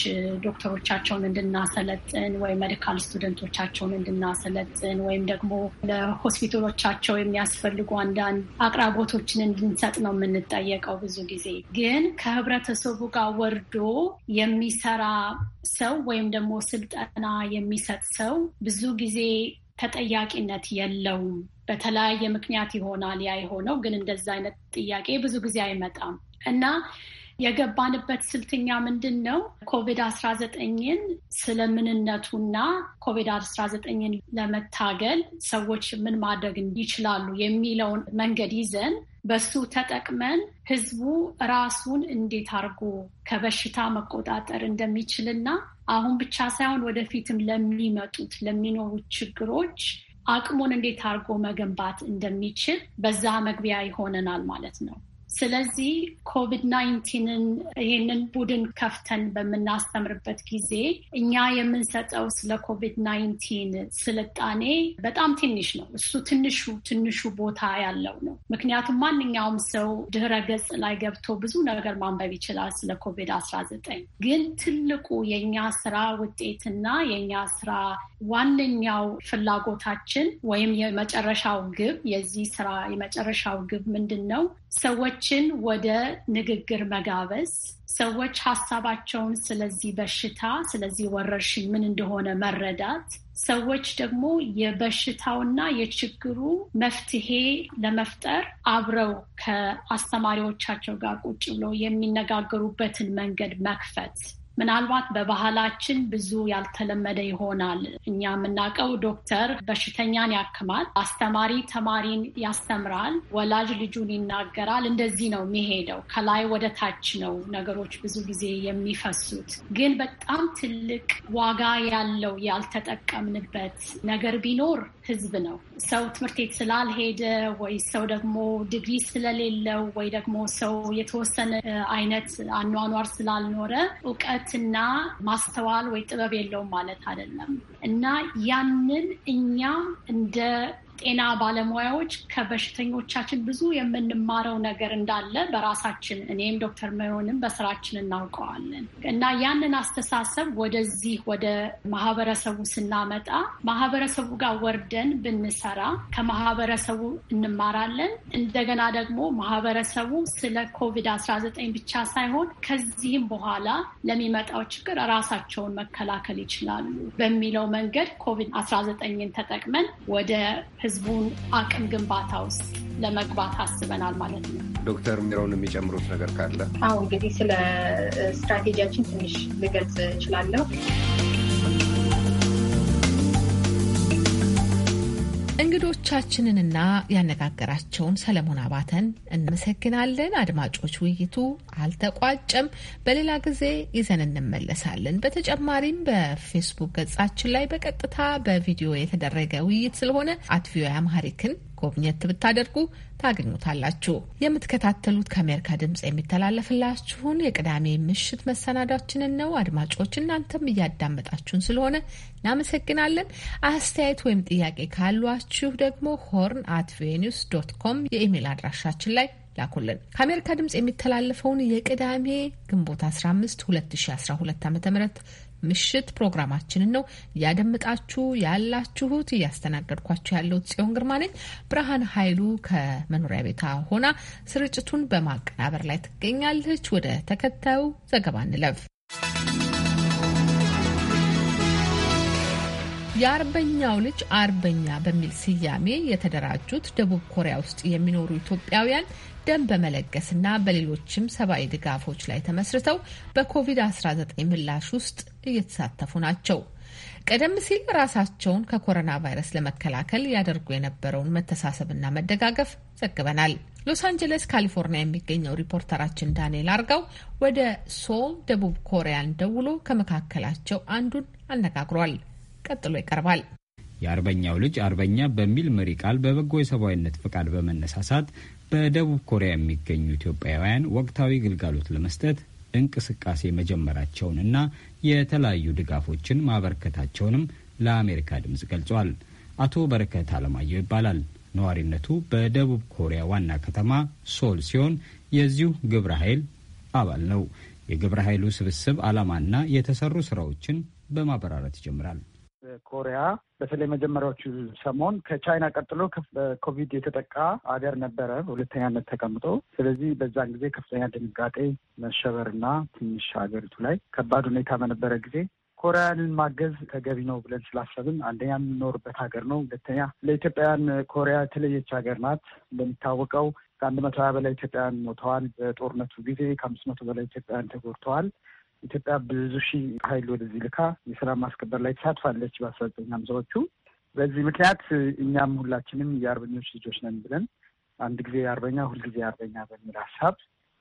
ዶክተሮቻቸውን እንድናሰለጥን ወይም ሜዲካል ስቱደንቶቻቸውን እንድናሰለጥን ወይም ደግሞ ለሆስፒታሎቻቸው የሚያስፈልጉ አንዳንድ አቅራቢ ፍላጎቶችን እንድንሰጥ ነው የምንጠየቀው። ብዙ ጊዜ ግን ከህብረተሰቡ ጋር ወርዶ የሚሰራ ሰው ወይም ደግሞ ስልጠና የሚሰጥ ሰው ብዙ ጊዜ ተጠያቂነት የለውም። በተለያየ ምክንያት ይሆናል ያ የሆነው፣ ግን እንደዛ አይነት ጥያቄ ብዙ ጊዜ አይመጣም እና የገባንበት ስልትኛ ምንድን ነው? ኮቪድ አስራ ዘጠኝን ስለምንነቱና ኮቪድ አስራ ዘጠኝን ለመታገል ሰዎች ምን ማድረግ ይችላሉ የሚለውን መንገድ ይዘን በሱ ተጠቅመን ህዝቡ ራሱን እንዴት አድርጎ ከበሽታ መቆጣጠር እንደሚችልና አሁን ብቻ ሳይሆን ወደፊትም ለሚመጡት ለሚኖሩት ችግሮች አቅሙን እንዴት አድርጎ መገንባት እንደሚችል በዛ መግቢያ ይሆነናል ማለት ነው። ስለዚህ ኮቪድ ናይንቲንን ይህንን ቡድን ከፍተን በምናስተምርበት ጊዜ እኛ የምንሰጠው ስለ ኮቪድ ናይንቲን ስልጣኔ በጣም ትንሽ ነው። እሱ ትንሹ ትንሹ ቦታ ያለው ነው። ምክንያቱም ማንኛውም ሰው ድህረ ገጽ ላይ ገብቶ ብዙ ነገር ማንበብ ይችላል ስለ ኮቪድ አስራ ዘጠኝ ግን ትልቁ የእኛ ስራ ውጤትና የእኛ ስራ ዋነኛው ፍላጎታችን ወይም የመጨረሻው ግብ የዚህ ስራ የመጨረሻው ግብ ምንድን ነው? ሰዎች ሰዎችን ወደ ንግግር መጋበዝ፣ ሰዎች ሀሳባቸውን ስለዚህ በሽታ ስለዚህ ወረርሽኝ ምን እንደሆነ መረዳት፣ ሰዎች ደግሞ የበሽታውና የችግሩ መፍትሄ ለመፍጠር አብረው ከአስተማሪዎቻቸው ጋር ቁጭ ብለው የሚነጋገሩበትን መንገድ መክፈት ምናልባት በባህላችን ብዙ ያልተለመደ ይሆናል። እኛ የምናውቀው ዶክተር በሽተኛን ያክማል፣ አስተማሪ ተማሪን ያስተምራል፣ ወላጅ ልጁን ይናገራል። እንደዚህ ነው የሚሄደው። ከላይ ወደ ታች ነው ነገሮች ብዙ ጊዜ የሚፈሱት። ግን በጣም ትልቅ ዋጋ ያለው ያልተጠቀምንበት ነገር ቢኖር ህዝብ ነው። ሰው ትምህርት ቤት ስላልሄደ ወይ ሰው ደግሞ ድግሪ ስለሌለው ወይ ደግሞ ሰው የተወሰነ አይነት አኗኗር ስላልኖረ እውቀትና ማስተዋል ወይ ጥበብ የለውም ማለት አይደለም እና ያንን እኛ እንደ ጤና ባለሙያዎች ከበሽተኞቻችን ብዙ የምንማረው ነገር እንዳለ በራሳችን እኔም ዶክተር መሆንም በስራችን እናውቀዋለን እና ያንን አስተሳሰብ ወደዚህ ወደ ማህበረሰቡ ስናመጣ ማህበረሰቡ ጋር ወርደን ብንሰራ ከማህበረሰቡ እንማራለን። እንደገና ደግሞ ማህበረሰቡ ስለ ኮቪድ 19 ብቻ ሳይሆን ከዚህም በኋላ ለሚመጣው ችግር ራሳቸውን መከላከል ይችላሉ በሚለው መንገድ ኮቪድ 19 ን ተጠቅመን ወደ ህዝቡን አቅም ግንባታ ውስጥ ለመግባት አስበናል ማለት ነው። ዶክተር ሚሮን የሚጨምሩት ነገር ካለ? አዎ እንግዲህ ስለ ስትራቴጂያችን ትንሽ ልገልጽ እችላለሁ። እንግዶቻችንንና ያነጋገራቸውን ሰለሞን አባተን እናመሰግናለን። አድማጮች፣ ውይይቱ አልተቋጨም። በሌላ ጊዜ ይዘን እንመለሳለን። በተጨማሪም በፌስቡክ ገጻችን ላይ በቀጥታ በቪዲዮ የተደረገ ውይይት ስለሆነ አት ቪኦኤ አማሪክን ጎብኘት ብታደርጉ ታገኙታላችሁ። የምትከታተሉት ከአሜሪካ ድምፅ የሚተላለፍላችሁን የቅዳሜ ምሽት መሰናዳችንን ነው። አድማጮች እናንተም እያዳመጣችሁን ስለሆነ እናመሰግናለን። አስተያየት ወይም ጥያቄ ካሏችሁ ደግሞ ሆርን አት ቪኦኤ ዶት ኮም የኢሜል አድራሻችን ላይ ላኩልን። ከአሜሪካ ድምፅ የሚተላለፈውን የቅዳሜ ግንቦት 15 2012 ዓ ም ምሽት ፕሮግራማችንን ነው እያደምጣችሁ ያላችሁት። እያስተናገድኳችሁ ያለው ጽዮን ግርማ ነኝ። ብርሃን ኃይሉ ከመኖሪያ ቤቷ ሆና ስርጭቱን በማቀናበር ላይ ትገኛለች። ወደ ተከታዩ ዘገባ እንለፍ። የአርበኛው ልጅ አርበኛ በሚል ስያሜ የተደራጁት ደቡብ ኮሪያ ውስጥ የሚኖሩ ኢትዮጵያውያን ደም በመለገስና በሌሎችም ሰብአዊ ድጋፎች ላይ ተመስርተው በኮቪድ-19 ምላሽ ውስጥ እየተሳተፉ ናቸው። ቀደም ሲል ራሳቸውን ከኮሮና ቫይረስ ለመከላከል ያደርጉ የነበረውን መተሳሰብና መደጋገፍ ዘግበናል። ሎስ አንጀለስ ካሊፎርኒያ የሚገኘው ሪፖርተራችን ዳንኤል አርጋው ወደ ሶል ደቡብ ኮሪያን ደውሎ ከመካከላቸው አንዱን አነጋግሯል። ቀጥሎ ይቀርባል። የአርበኛው ልጅ አርበኛ በሚል መሪ ቃል በበጎ የሰብአዊነት ፈቃድ በመነሳሳት በደቡብ ኮሪያ የሚገኙ ኢትዮጵያውያን ወቅታዊ ግልጋሎት ለመስጠት እንቅስቃሴ መጀመራቸውንና የተለያዩ ድጋፎችን ማበረከታቸውንም ለአሜሪካ ድምፅ ገልጿል። አቶ በረከት አለማየሁ ይባላል። ነዋሪነቱ በደቡብ ኮሪያ ዋና ከተማ ሶል ሲሆን የዚሁ ግብረ ኃይል አባል ነው። የግብረ ኃይሉ ስብስብ ዓላማና የተሰሩ ስራዎችን በማብራራት ይጀምራል። ኮሪያ በተለይ መጀመሪያዎቹ ሰሞን ከቻይና ቀጥሎ በኮቪድ የተጠቃ ሀገር ነበረ በሁለተኛነት ተቀምጦ። ስለዚህ በዛን ጊዜ ከፍተኛ ድንጋጤ መሸበርና ትንሽ ሀገሪቱ ላይ ከባድ ሁኔታ በነበረ ጊዜ ኮሪያንን ማገዝ ተገቢ ነው ብለን ስላሰብን አንደኛ የምንኖርበት ሀገር ነው፣ ሁለተኛ ለኢትዮጵያውያን ኮሪያ የተለየች ሀገር ናት። እንደሚታወቀው ከአንድ መቶ ሀያ በላይ ኢትዮጵያውያን ሞተዋል በጦርነቱ ጊዜ፣ ከአምስት መቶ በላይ ኢትዮጵያውያን ተጎድተዋል። ኢትዮጵያ ብዙ ሺህ ኃይል ወደዚህ ልካ የሰላም ማስከበር ላይ ተሳትፋለች በአስራ ዘጠኝ ሀምሳዎቹ። በዚህ ምክንያት እኛም ሁላችንም የአርበኞች ልጆች ነን ብለን አንድ ጊዜ አርበኛ ሁልጊዜ አርበኛ በሚል ሀሳብ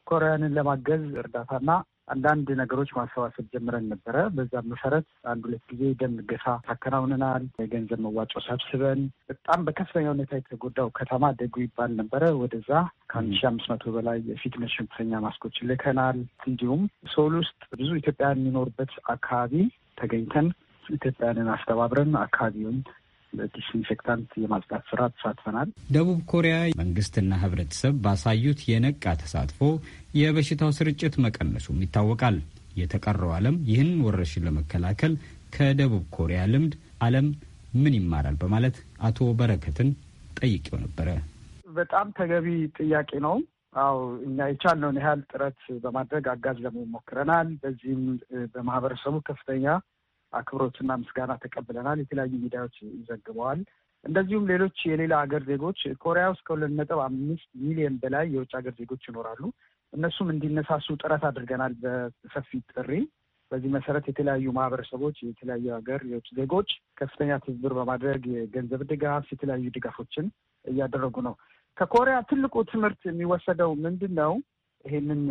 ኮሪያንን ለማገዝ እርዳታና አንዳንድ ነገሮች ማሰባሰብ ጀምረን ነበረ። በዛ መሰረት አንድ ሁለት ጊዜ ደም ልገሳ ታከናውንናል። የገንዘብ መዋጮ ሰብስበን በጣም በከፍተኛ ሁኔታ የተጎዳው ከተማ ደጉ ይባል ነበረ። ወደዛ ከአንድ ሺ አምስት መቶ በላይ የፊት መሸፈኛ ማስኮች ልከናል። እንዲሁም ሶል ውስጥ ብዙ ኢትዮጵያውያን የሚኖርበት አካባቢ ተገኝተን ኢትዮጵያውያንን አስተባብረን አካባቢውን ዲስኢንፌክታንት የማጽዳት ስራ ተሳትፈናል። ደቡብ ኮሪያ መንግስትና ህብረተሰብ ባሳዩት የነቃ ተሳትፎ የበሽታው ስርጭት መቀነሱም ይታወቃል። የተቀረው ዓለም ይህን ወረርሽኝ ለመከላከል ከደቡብ ኮሪያ ልምድ ዓለም ምን ይማራል በማለት አቶ በረከትን ጠይቄው ነበረ። በጣም ተገቢ ጥያቄ ነው። አው እኛ የቻልነውን ያህል ጥረት በማድረግ አጋዝ ለመሆን ሞክረናል። በዚህም በማህበረሰቡ ከፍተኛ አክብሮትና ምስጋና ተቀብለናል። የተለያዩ ሚዲያዎች ይዘግበዋል። እንደዚሁም ሌሎች የሌላ ሀገር ዜጎች ኮሪያ ውስጥ ከሁለት ነጥብ አምስት ሚሊዮን በላይ የውጭ ሀገር ዜጎች ይኖራሉ። እነሱም እንዲነሳሱ ጥረት አድርገናል በሰፊ ጥሪ። በዚህ መሰረት የተለያዩ ማህበረሰቦች፣ የተለያዩ ሀገር የውጭ ዜጎች ከፍተኛ ትብብር በማድረግ የገንዘብ ድጋፍ፣ የተለያዩ ድጋፎችን እያደረጉ ነው። ከኮሪያ ትልቁ ትምህርት የሚወሰደው ምንድን ነው? ይሄንን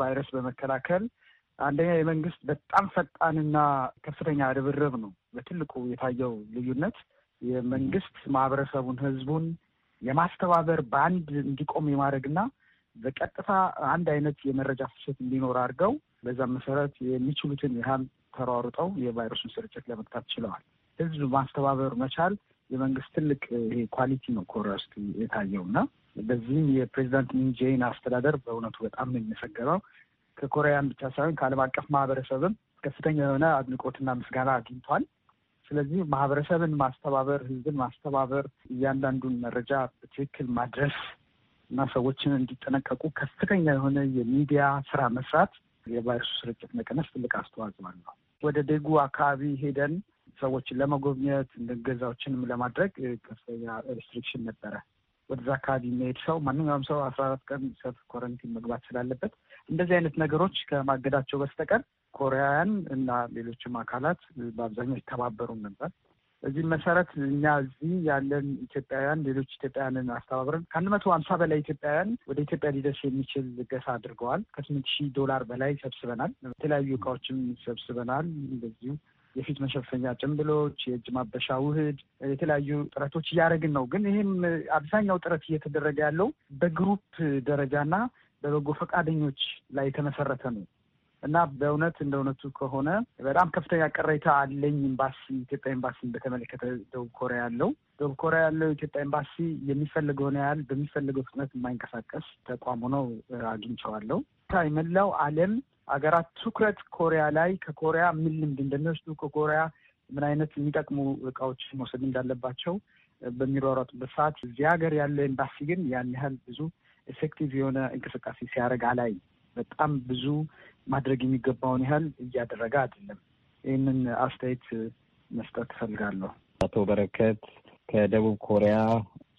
ቫይረስ በመከላከል አንደኛ የመንግስት በጣም ፈጣንና ከፍተኛ ርብርብ ነው። በትልቁ የታየው ልዩነት የመንግስት ማህበረሰቡን፣ ህዝቡን የማስተባበር በአንድ እንዲቆም የማድረግና በቀጥታ አንድ አይነት የመረጃ ፍሰት እንዲኖር አድርገው በዛም መሰረት የሚችሉትን ያህል ተሯሩጠው የቫይረሱን ስርጭት ለመግታት ችለዋል። ህዝብ ማስተባበር መቻል የመንግስት ትልቅ ይሄ ኳሊቲ ነው ኮረስቲ የታየው እና በዚህም የፕሬዚዳንት ሙን ጄይን አስተዳደር በእውነቱ በጣም ነው የሚመሰገነው። ከኮሪያን ብቻ ሳይሆን ከዓለም አቀፍ ማህበረሰብም ከፍተኛ የሆነ አድንቆትና ምስጋና አግኝቷል። ስለዚህ ማህበረሰብን ማስተባበር፣ ህዝብን ማስተባበር፣ እያንዳንዱን መረጃ በትክክል ማድረስ እና ሰዎችን እንዲጠነቀቁ ከፍተኛ የሆነ የሚዲያ ስራ መስራት የቫይረሱ ስርጭት መቀነስ ትልቅ አስተዋጽኦ አለው። ወደ ደጉ አካባቢ ሄደን ሰዎችን ለመጎብኘት ገዛዎችንም ለማድረግ ከፍተኛ ሪስትሪክሽን ነበረ። ወደዛ አካባቢ የሚሄድ ሰው ማንኛውም ሰው አስራ አራት ቀን ሰት ኮረንቲን መግባት ስላለበት እንደዚህ አይነት ነገሮች ከማገዳቸው በስተቀር ኮሪያውያን እና ሌሎችም አካላት በአብዛኛው ይተባበሩም ነበር። በዚህም መሰረት እኛ እዚህ ያለን ኢትዮጵያውያን ሌሎች ኢትዮጵያውያንን አስተባብረን ከአንድ መቶ ሀምሳ በላይ ኢትዮጵያውያን ወደ ኢትዮጵያ ሊደርስ የሚችል ልገሳ አድርገዋል። ከስምንት ሺህ ዶላር በላይ ሰብስበናል። የተለያዩ እቃዎችም ሰብስበናል። እንደዚሁ የፊት መሸፈኛ ጭንብሎች፣ የእጅ ማበሻ ውህድ፣ የተለያዩ ጥረቶች እያደረግን ነው። ግን ይህም አብዛኛው ጥረት እየተደረገ ያለው በግሩፕ ደረጃና በበጎ ፈቃደኞች ላይ የተመሰረተ ነው እና በእውነት እንደ እውነቱ ከሆነ በጣም ከፍተኛ ቅሬታ አለኝ። ኤምባሲ ኢትዮጵያ ኤምባሲን በተመለከተ ደቡብ ኮሪያ ያለው ደቡብ ኮሪያ ያለው ኢትዮጵያ ኤምባሲ የሚፈልገውን ያህል በሚፈልገው ፍጥነት የማይንቀሳቀስ ተቋም ሆኖ አግኝቼዋለሁ። የመላው ዓለም አገራት ትኩረት ኮሪያ ላይ ከኮሪያ ምን ልምድ እንደሚወስዱ ከኮሪያ ምን አይነት የሚጠቅሙ እቃዎች መውሰድ እንዳለባቸው በሚሯሯጡበት ሰዓት እዚህ ሀገር ያለ ኤምባሲ ግን ያን ያህል ብዙ ኤፌክቲቭ የሆነ እንቅስቃሴ ሲያደርግ ላይ በጣም ብዙ ማድረግ የሚገባውን ያህል እያደረገ አይደለም። ይህንን አስተያየት መስጠት እፈልጋለሁ። አቶ በረከት ከደቡብ ኮሪያ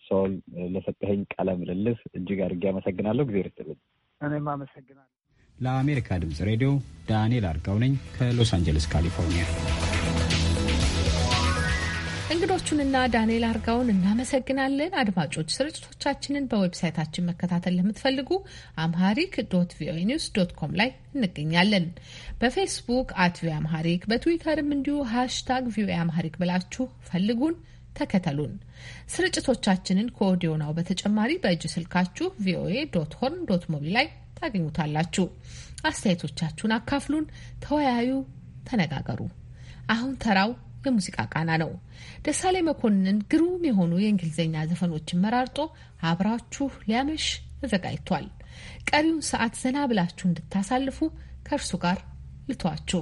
ሶል ለሰጠኸኝ ቃለ ምልልስ እጅግ አድርጌ አመሰግናለሁ። ጊዜ ርስትልኝ እኔም አመሰግናለሁ። ለአሜሪካ ድምፅ ሬዲዮ ዳንኤል አርጋው ነኝ ከሎስ አንጀለስ ካሊፎርኒያ። እንግዶቹንና ዳንኤል አርጋውን እናመሰግናለን። አድማጮች ስርጭቶቻችንን በዌብሳይታችን መከታተል ለምትፈልጉ አምሃሪክ ዶት ቪኦኤ ኒውስ ዶት ኮም ላይ እንገኛለን። በፌስቡክ አት ቪኦኤ አምሃሪክ፣ በትዊተርም እንዲሁ ሃሽታግ ቪኦኤ አምሃሪክ ብላችሁ ፈልጉን ተከተሉን። ስርጭቶቻችንን ከኦዲዮ ናው በተጨማሪ በእጅ ስልካችሁ ቪኦኤ ዶት ሆርን ዶት ሞቢ ላይ ታገኙታላችሁ። አስተያየቶቻችሁን አካፍሉን፣ ተወያዩ፣ ተነጋገሩ። አሁን ተራው የሙዚቃ ቃና ነው። ደሳሌ መኮንን ግሩም የሆኑ የእንግሊዝኛ ዘፈኖችን መራርጦ አብራችሁ ሊያመሽ ተዘጋጅቷል። ቀሪውን ሰዓት ዘና ብላችሁ እንድታሳልፉ ከእርሱ ጋር ልቷችሁ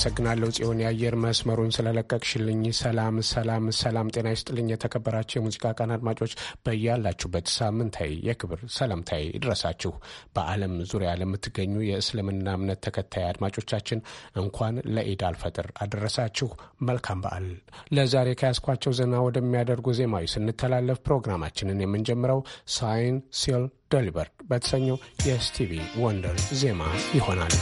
አመሰግናለሁ ጽዮን፣ የአየር መስመሩን ስለለቀቅሽልኝ። ሰላም ሰላም ሰላም፣ ጤና ይስጥልኝ። የተከበራቸው የሙዚቃ ቀን አድማጮች በያላችሁበት ሳምንታዊ የክብር ሰላምታዊ ይድረሳችሁ። በዓለም ዙሪያ ለምትገኙ የእስልምና እምነት ተከታይ አድማጮቻችን እንኳን ለኢድ አልፈጥር አደረሳችሁ። መልካም በዓል። ለዛሬ ከያዝኳቸው ዘና ወደሚያደርጉ ዜማዊ ስንተላለፍ ፕሮግራማችንን የምንጀምረው ሳይን ሲል ደሊበርድ በተሰኘው የስቲቪ ወንደር ዜማ ይሆናል።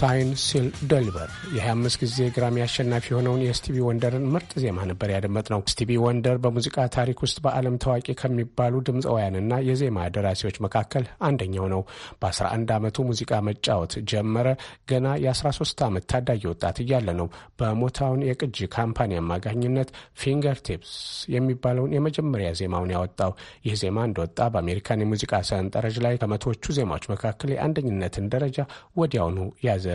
Sign will deliver. የ25 ጊዜ ግራሚ አሸናፊ የሆነውን የስቲቪ ወንደርን ምርጥ ዜማ ነበር ያደመጥ ነው። ስቲቪ ወንደር በሙዚቃ ታሪክ ውስጥ በዓለም ታዋቂ ከሚባሉ ድምፃውያንና የዜማ ደራሲዎች መካከል አንደኛው ነው። በ11 ዓመቱ ሙዚቃ መጫወት ጀመረ። ገና የ13 ዓመት ታዳጊ ወጣት እያለ ነው በሞታውን የቅጂ ካምፓኒ አማካኝነት ፊንገር ቲፕስ የሚባለውን የመጀመሪያ ዜማውን ያወጣው። ይህ ዜማ እንደወጣ በአሜሪካን የሙዚቃ ሰንጠረዥ ላይ ከመቶዎቹ ዜማዎች መካከል የአንደኝነትን ደረጃ ወዲያውኑ ያዘ።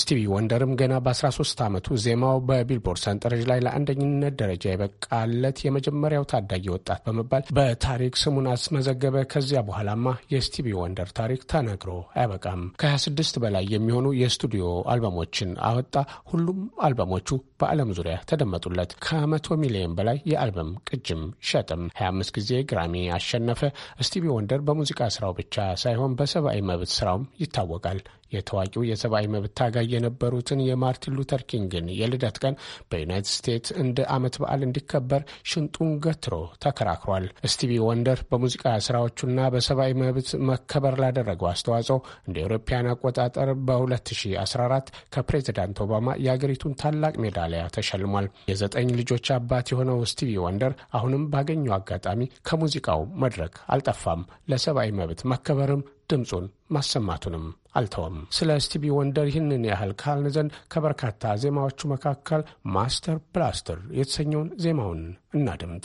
ስቲቪ ወንደርም ገና በ13 ዓመቱ ዜማው በቢልቦርድ ሰንጠረዥ ላይ ለአንደኝነት ደረጃ የበቃለት የመጀመሪያው ታዳጊ ወጣት በመባል በታሪክ ስሙን አስመዘገበ። ከዚያ በኋላማ የስቲቪ ወንደር ታሪክ ተነግሮ አያበቃም። ከ26 በላይ የሚሆኑ የስቱዲዮ አልበሞችን አወጣ። ሁሉም አልበሞቹ በዓለም ዙሪያ ተደመጡለት። ከመቶ ሚሊዮን በላይ የአልበም ቅጅም ሸጥም። 25 ጊዜ ግራሚ አሸነፈ። ስቲቪ ወንደር በሙዚቃ ስራው ብቻ ሳይሆን በሰብአዊ መብት ስራውም ይታወቃል። የታዋቂው የሰብአዊ መብት ታጋይ የነበሩትን የማርቲን ሉተር ኪንግን የልደት ቀን በዩናይትድ ስቴትስ እንደ ዓመት በዓል እንዲከበር ሽንጡን ገትሮ ተከራክሯል። ስቲቪ ወንደር በሙዚቃ ስራዎቹና በሰብአዊ መብት መከበር ላደረገው አስተዋጽኦ እንደ አውሮፓውያን አቆጣጠር በ2014 ከፕሬዚዳንት ኦባማ የአገሪቱን ታላቅ ሜዳሊያ ተሸልሟል። የዘጠኝ ልጆች አባት የሆነው ስቲቪ ወንደር አሁንም ባገኘው አጋጣሚ ከሙዚቃው መድረክ አልጠፋም። ለሰብአዊ መብት መከበርም ድምፁን ማሰማቱንም አልተወም። ስለ ስቲቪ ወንደር ይህንን ያህል ካልን ዘንድ ከበርካታ ዜማዎቹ መካከል ማስተር ብላስተር የተሰኘውን ዜማውን እናድምጥ።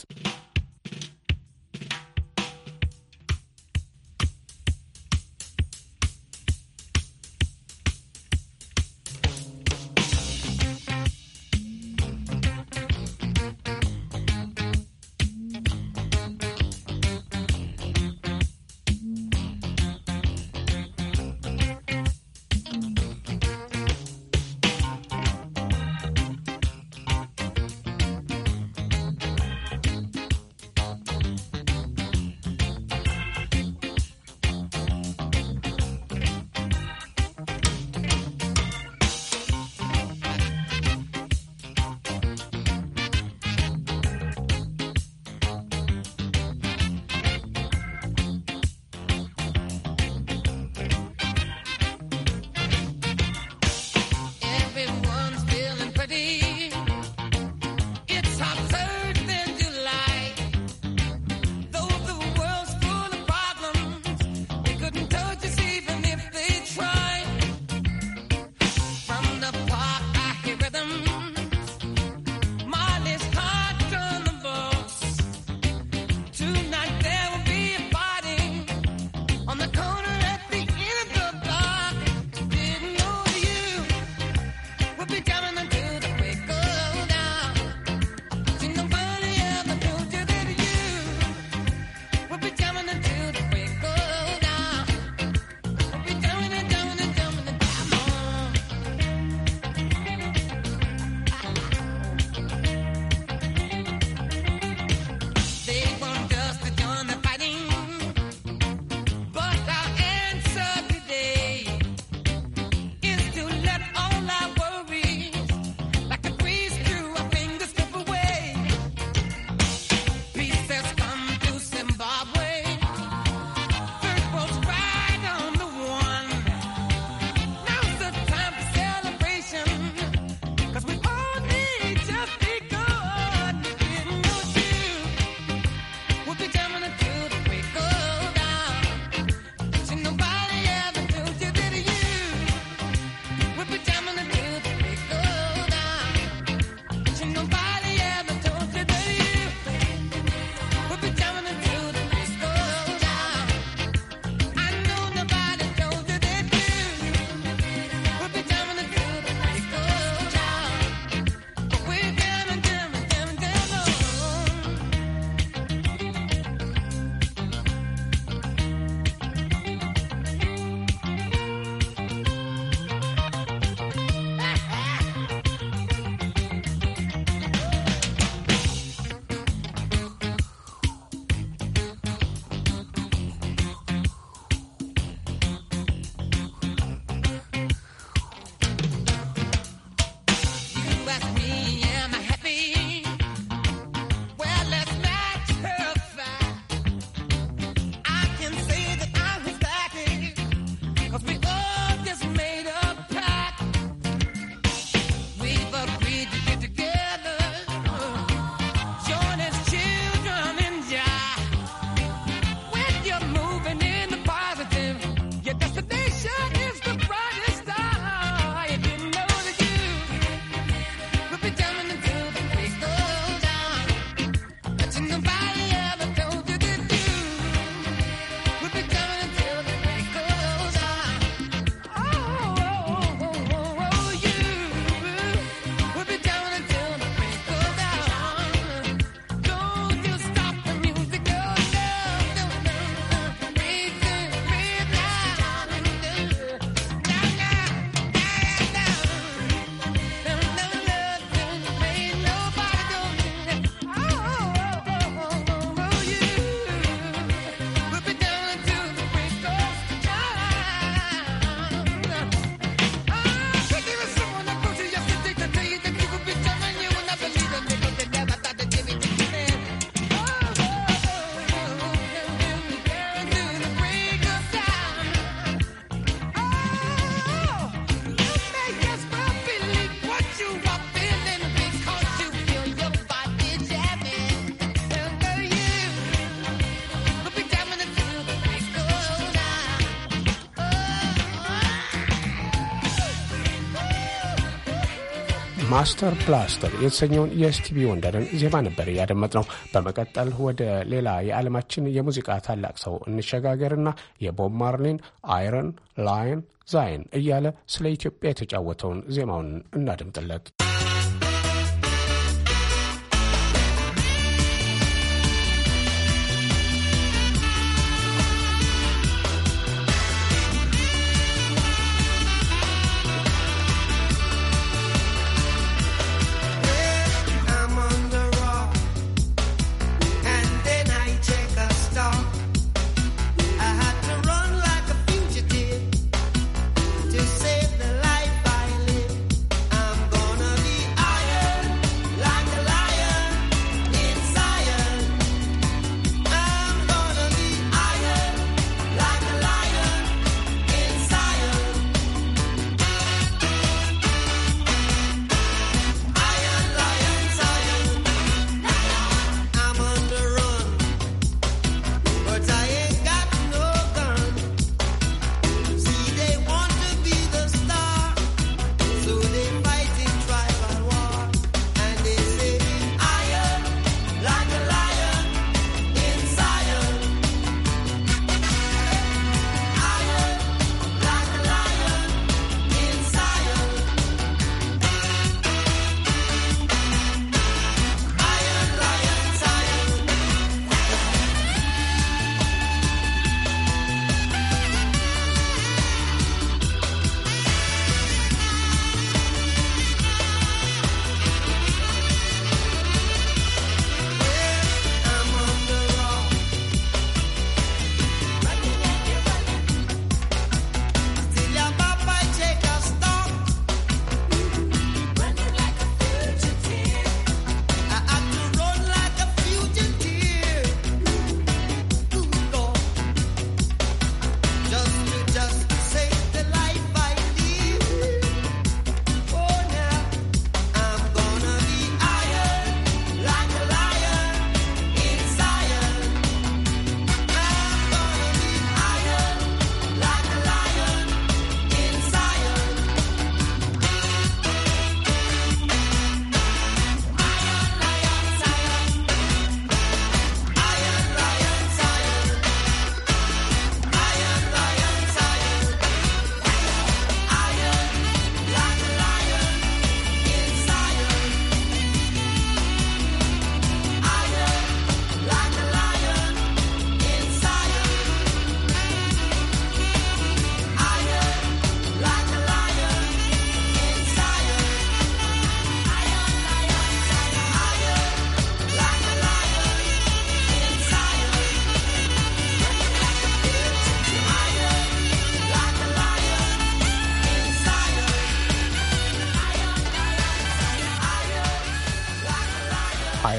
ማስተር ብላስተር የተሰኘውን የስቲቪ ወንደርን ዜማ ነበር ነው። በመቀጠል ወደ ሌላ የዓለማችን የሙዚቃ ታላቅ ሰው እንሸጋገርና የቦብ ማርሊን አይረን ላይን ዛይን እያለ ስለ ኢትዮጵያ የተጫወተውን ዜማውን እናድምጥለት።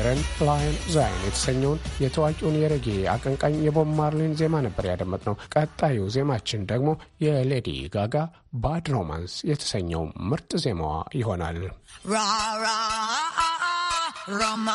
ኬረን ላይን ዛይን የተሰኘውን የታዋቂውን የሬጌ አቀንቃኝ የቦብ ማርሊን ዜማ ነበር ያደመጥነው። ቀጣዩ ዜማችን ደግሞ የሌዲ ጋጋ ባድ ሮማንስ የተሰኘው ምርጥ ዜማዋ ይሆናል። ራራ ራማ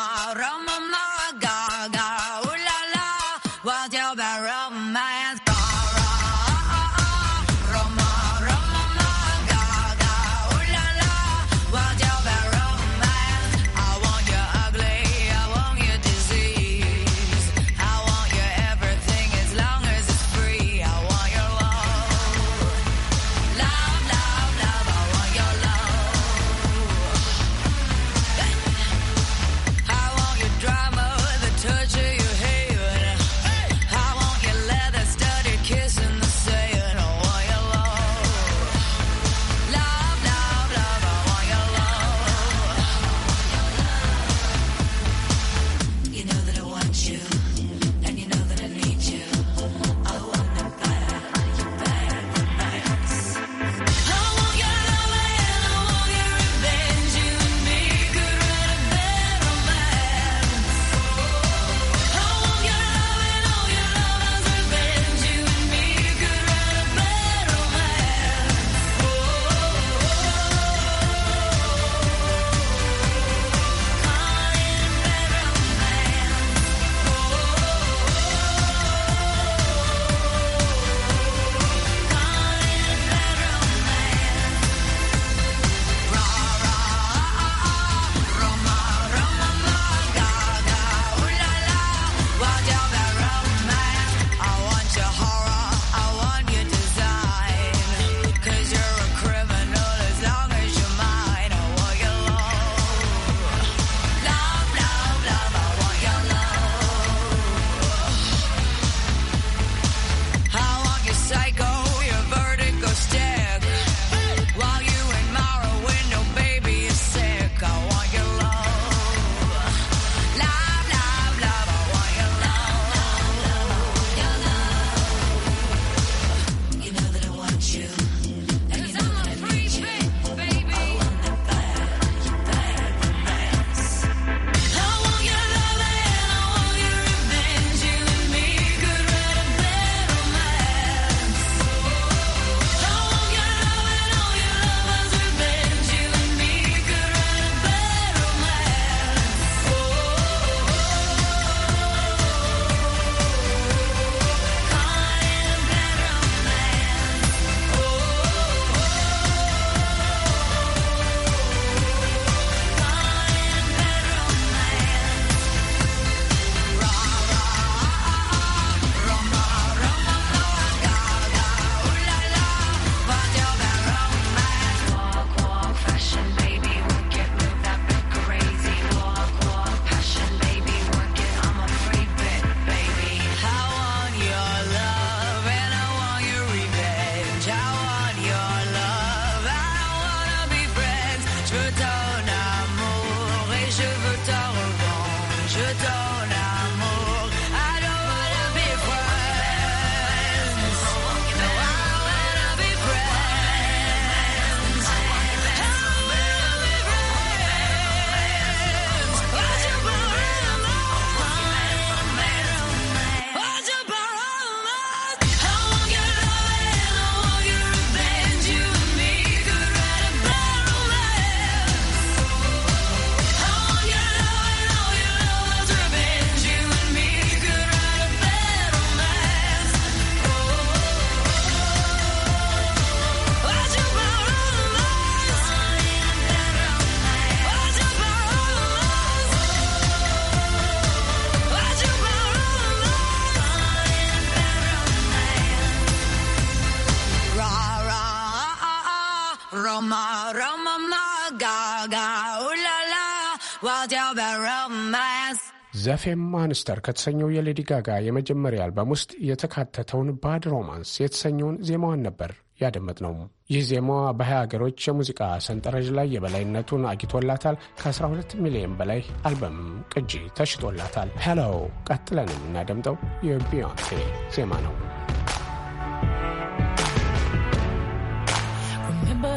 ዘፌም ማንስተር ከተሰኘው የሌዲ ጋጋ የመጀመሪያ አልበም ውስጥ የተካተተውን ባድ ሮማንስ የተሰኘውን ዜማዋን ነበር ያደመጥ ነው። ይህ ዜማዋ በሀያ 20 ሀገሮች የሙዚቃ ሰንጠረዥ ላይ የበላይነቱን አግኝቶላታል። ከ12 ሚሊዮን በላይ አልበም ቅጂ ተሽጦላታል። ሄሎ ቀጥለን የምናደምጠው የቢዮንሴ ዜማ ነው።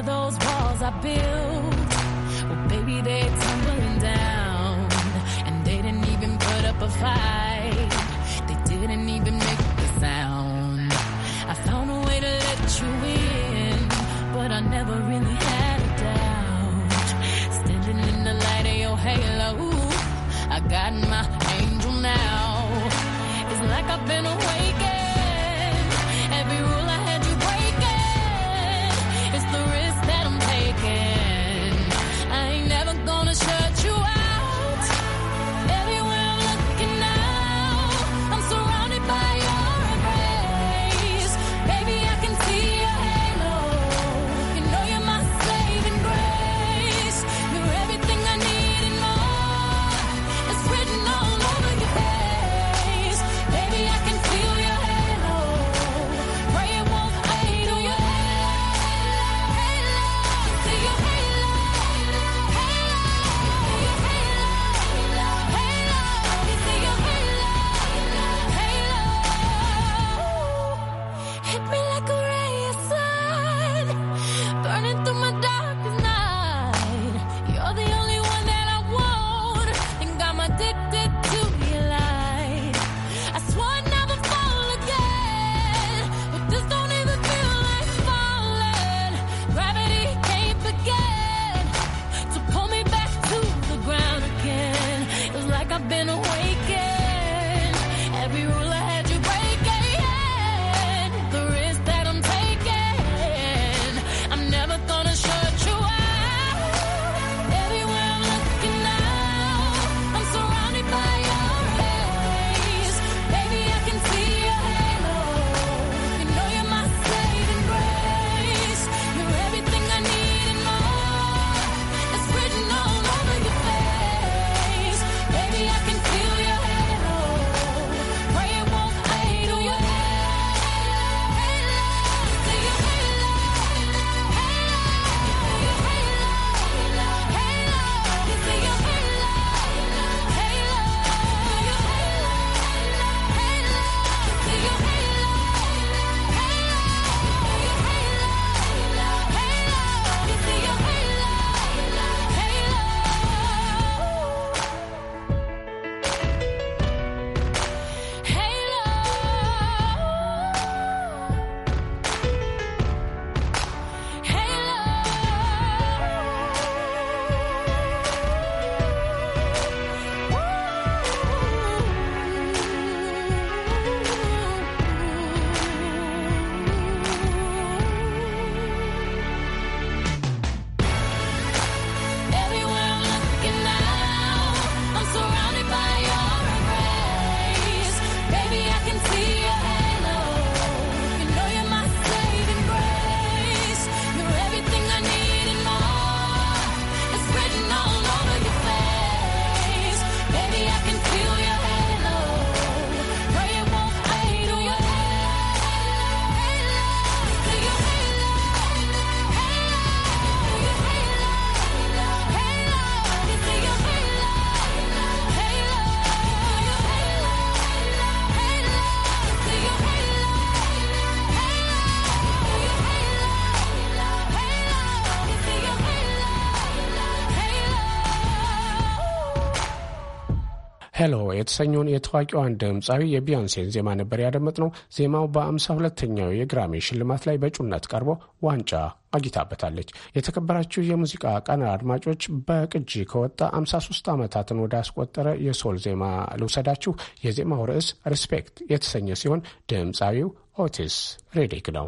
Those walls I built, well, baby, they tumble up a fight. They didn't even make a sound. I found a way to let you in, but I never really had a doubt. Standing in the light of your halo, I got my angel now. It's like I've been awakened. ሄሎ የተሰኘውን የታዋቂዋን ድምፃዊ የቢያንሴን ዜማ ነበር ያደመጥነው። ዜማው በአምሳ ሁለተኛው የግራሚ ሽልማት ላይ በእጩነት ቀርቦ ዋንጫ አግኝታበታለች። የተከበራችሁ የሙዚቃ ቀን አድማጮች፣ በቅጂ ከወጣ 53 ዓመታትን ወደ አስቆጠረ የሶል ዜማ ልውሰዳችሁ። የዜማው ርዕስ ሪስፔክት የተሰኘ ሲሆን ድምፃዊው ኦቲስ ሬዲክ ነው።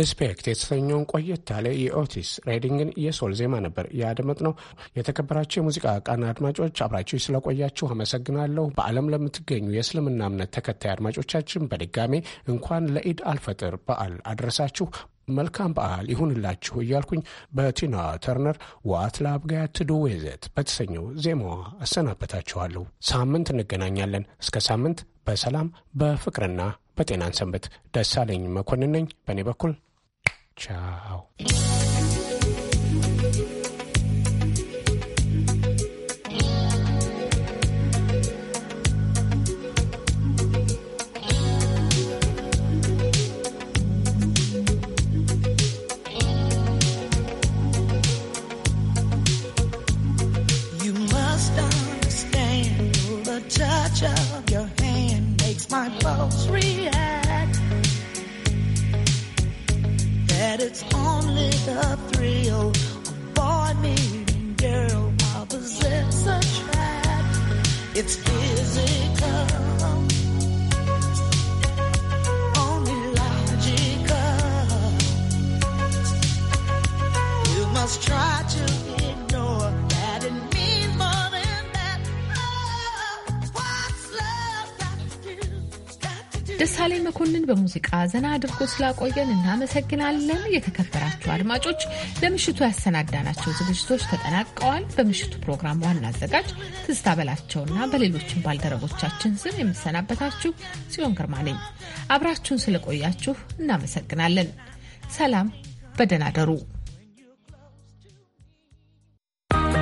ሪስፔክት የተሰኘውን ቆየት ያለ የኦቲስ ሬዲንግን የሶል ዜማ ነበር ያደመጥ ነው። የተከበራቸው የሙዚቃ ቃና አድማጮች አብራችሁ ስለቆያችሁ አመሰግናለሁ። በዓለም ለምትገኙ የእስልምና እምነት ተከታይ አድማጮቻችን በድጋሜ እንኳን ለኢድ አልፈጥር በዓል አድረሳችሁ መልካም በዓል ይሁንላችሁ እያልኩኝ በቲና ተርነር ዋት ላቭ ጋት ወይዘት በተሰኘው ዜማዋ አሰናበታችኋለሁ። ሳምንት እንገናኛለን። እስከ ሳምንት በሰላም በፍቅርና በጤናን ሰንበት። ደሳለኝ መኮንን ነኝ። በእኔ በኩል ቻው። folks react that it's only the thrill of boy meeting girl possess opposites attract. It's physical. Only logical. You must try to ደሳሌ መኮንን በሙዚቃ ዘና አድርጎ ስላቆየን እናመሰግናለን። የተከበራችሁ አድማጮች ለምሽቱ ያሰናዳናቸው ዝግጅቶች ተጠናቀዋል። በምሽቱ ፕሮግራም ዋና አዘጋጅ ትዝታ በላቸውና በሌሎችን ባልደረቦቻችን ስም የምሰናበታችሁ ጽዮን ግርማ ነኝ። አብራችሁን ስለቆያችሁ እናመሰግናለን። ሰላም፣ በደህና ደሩ።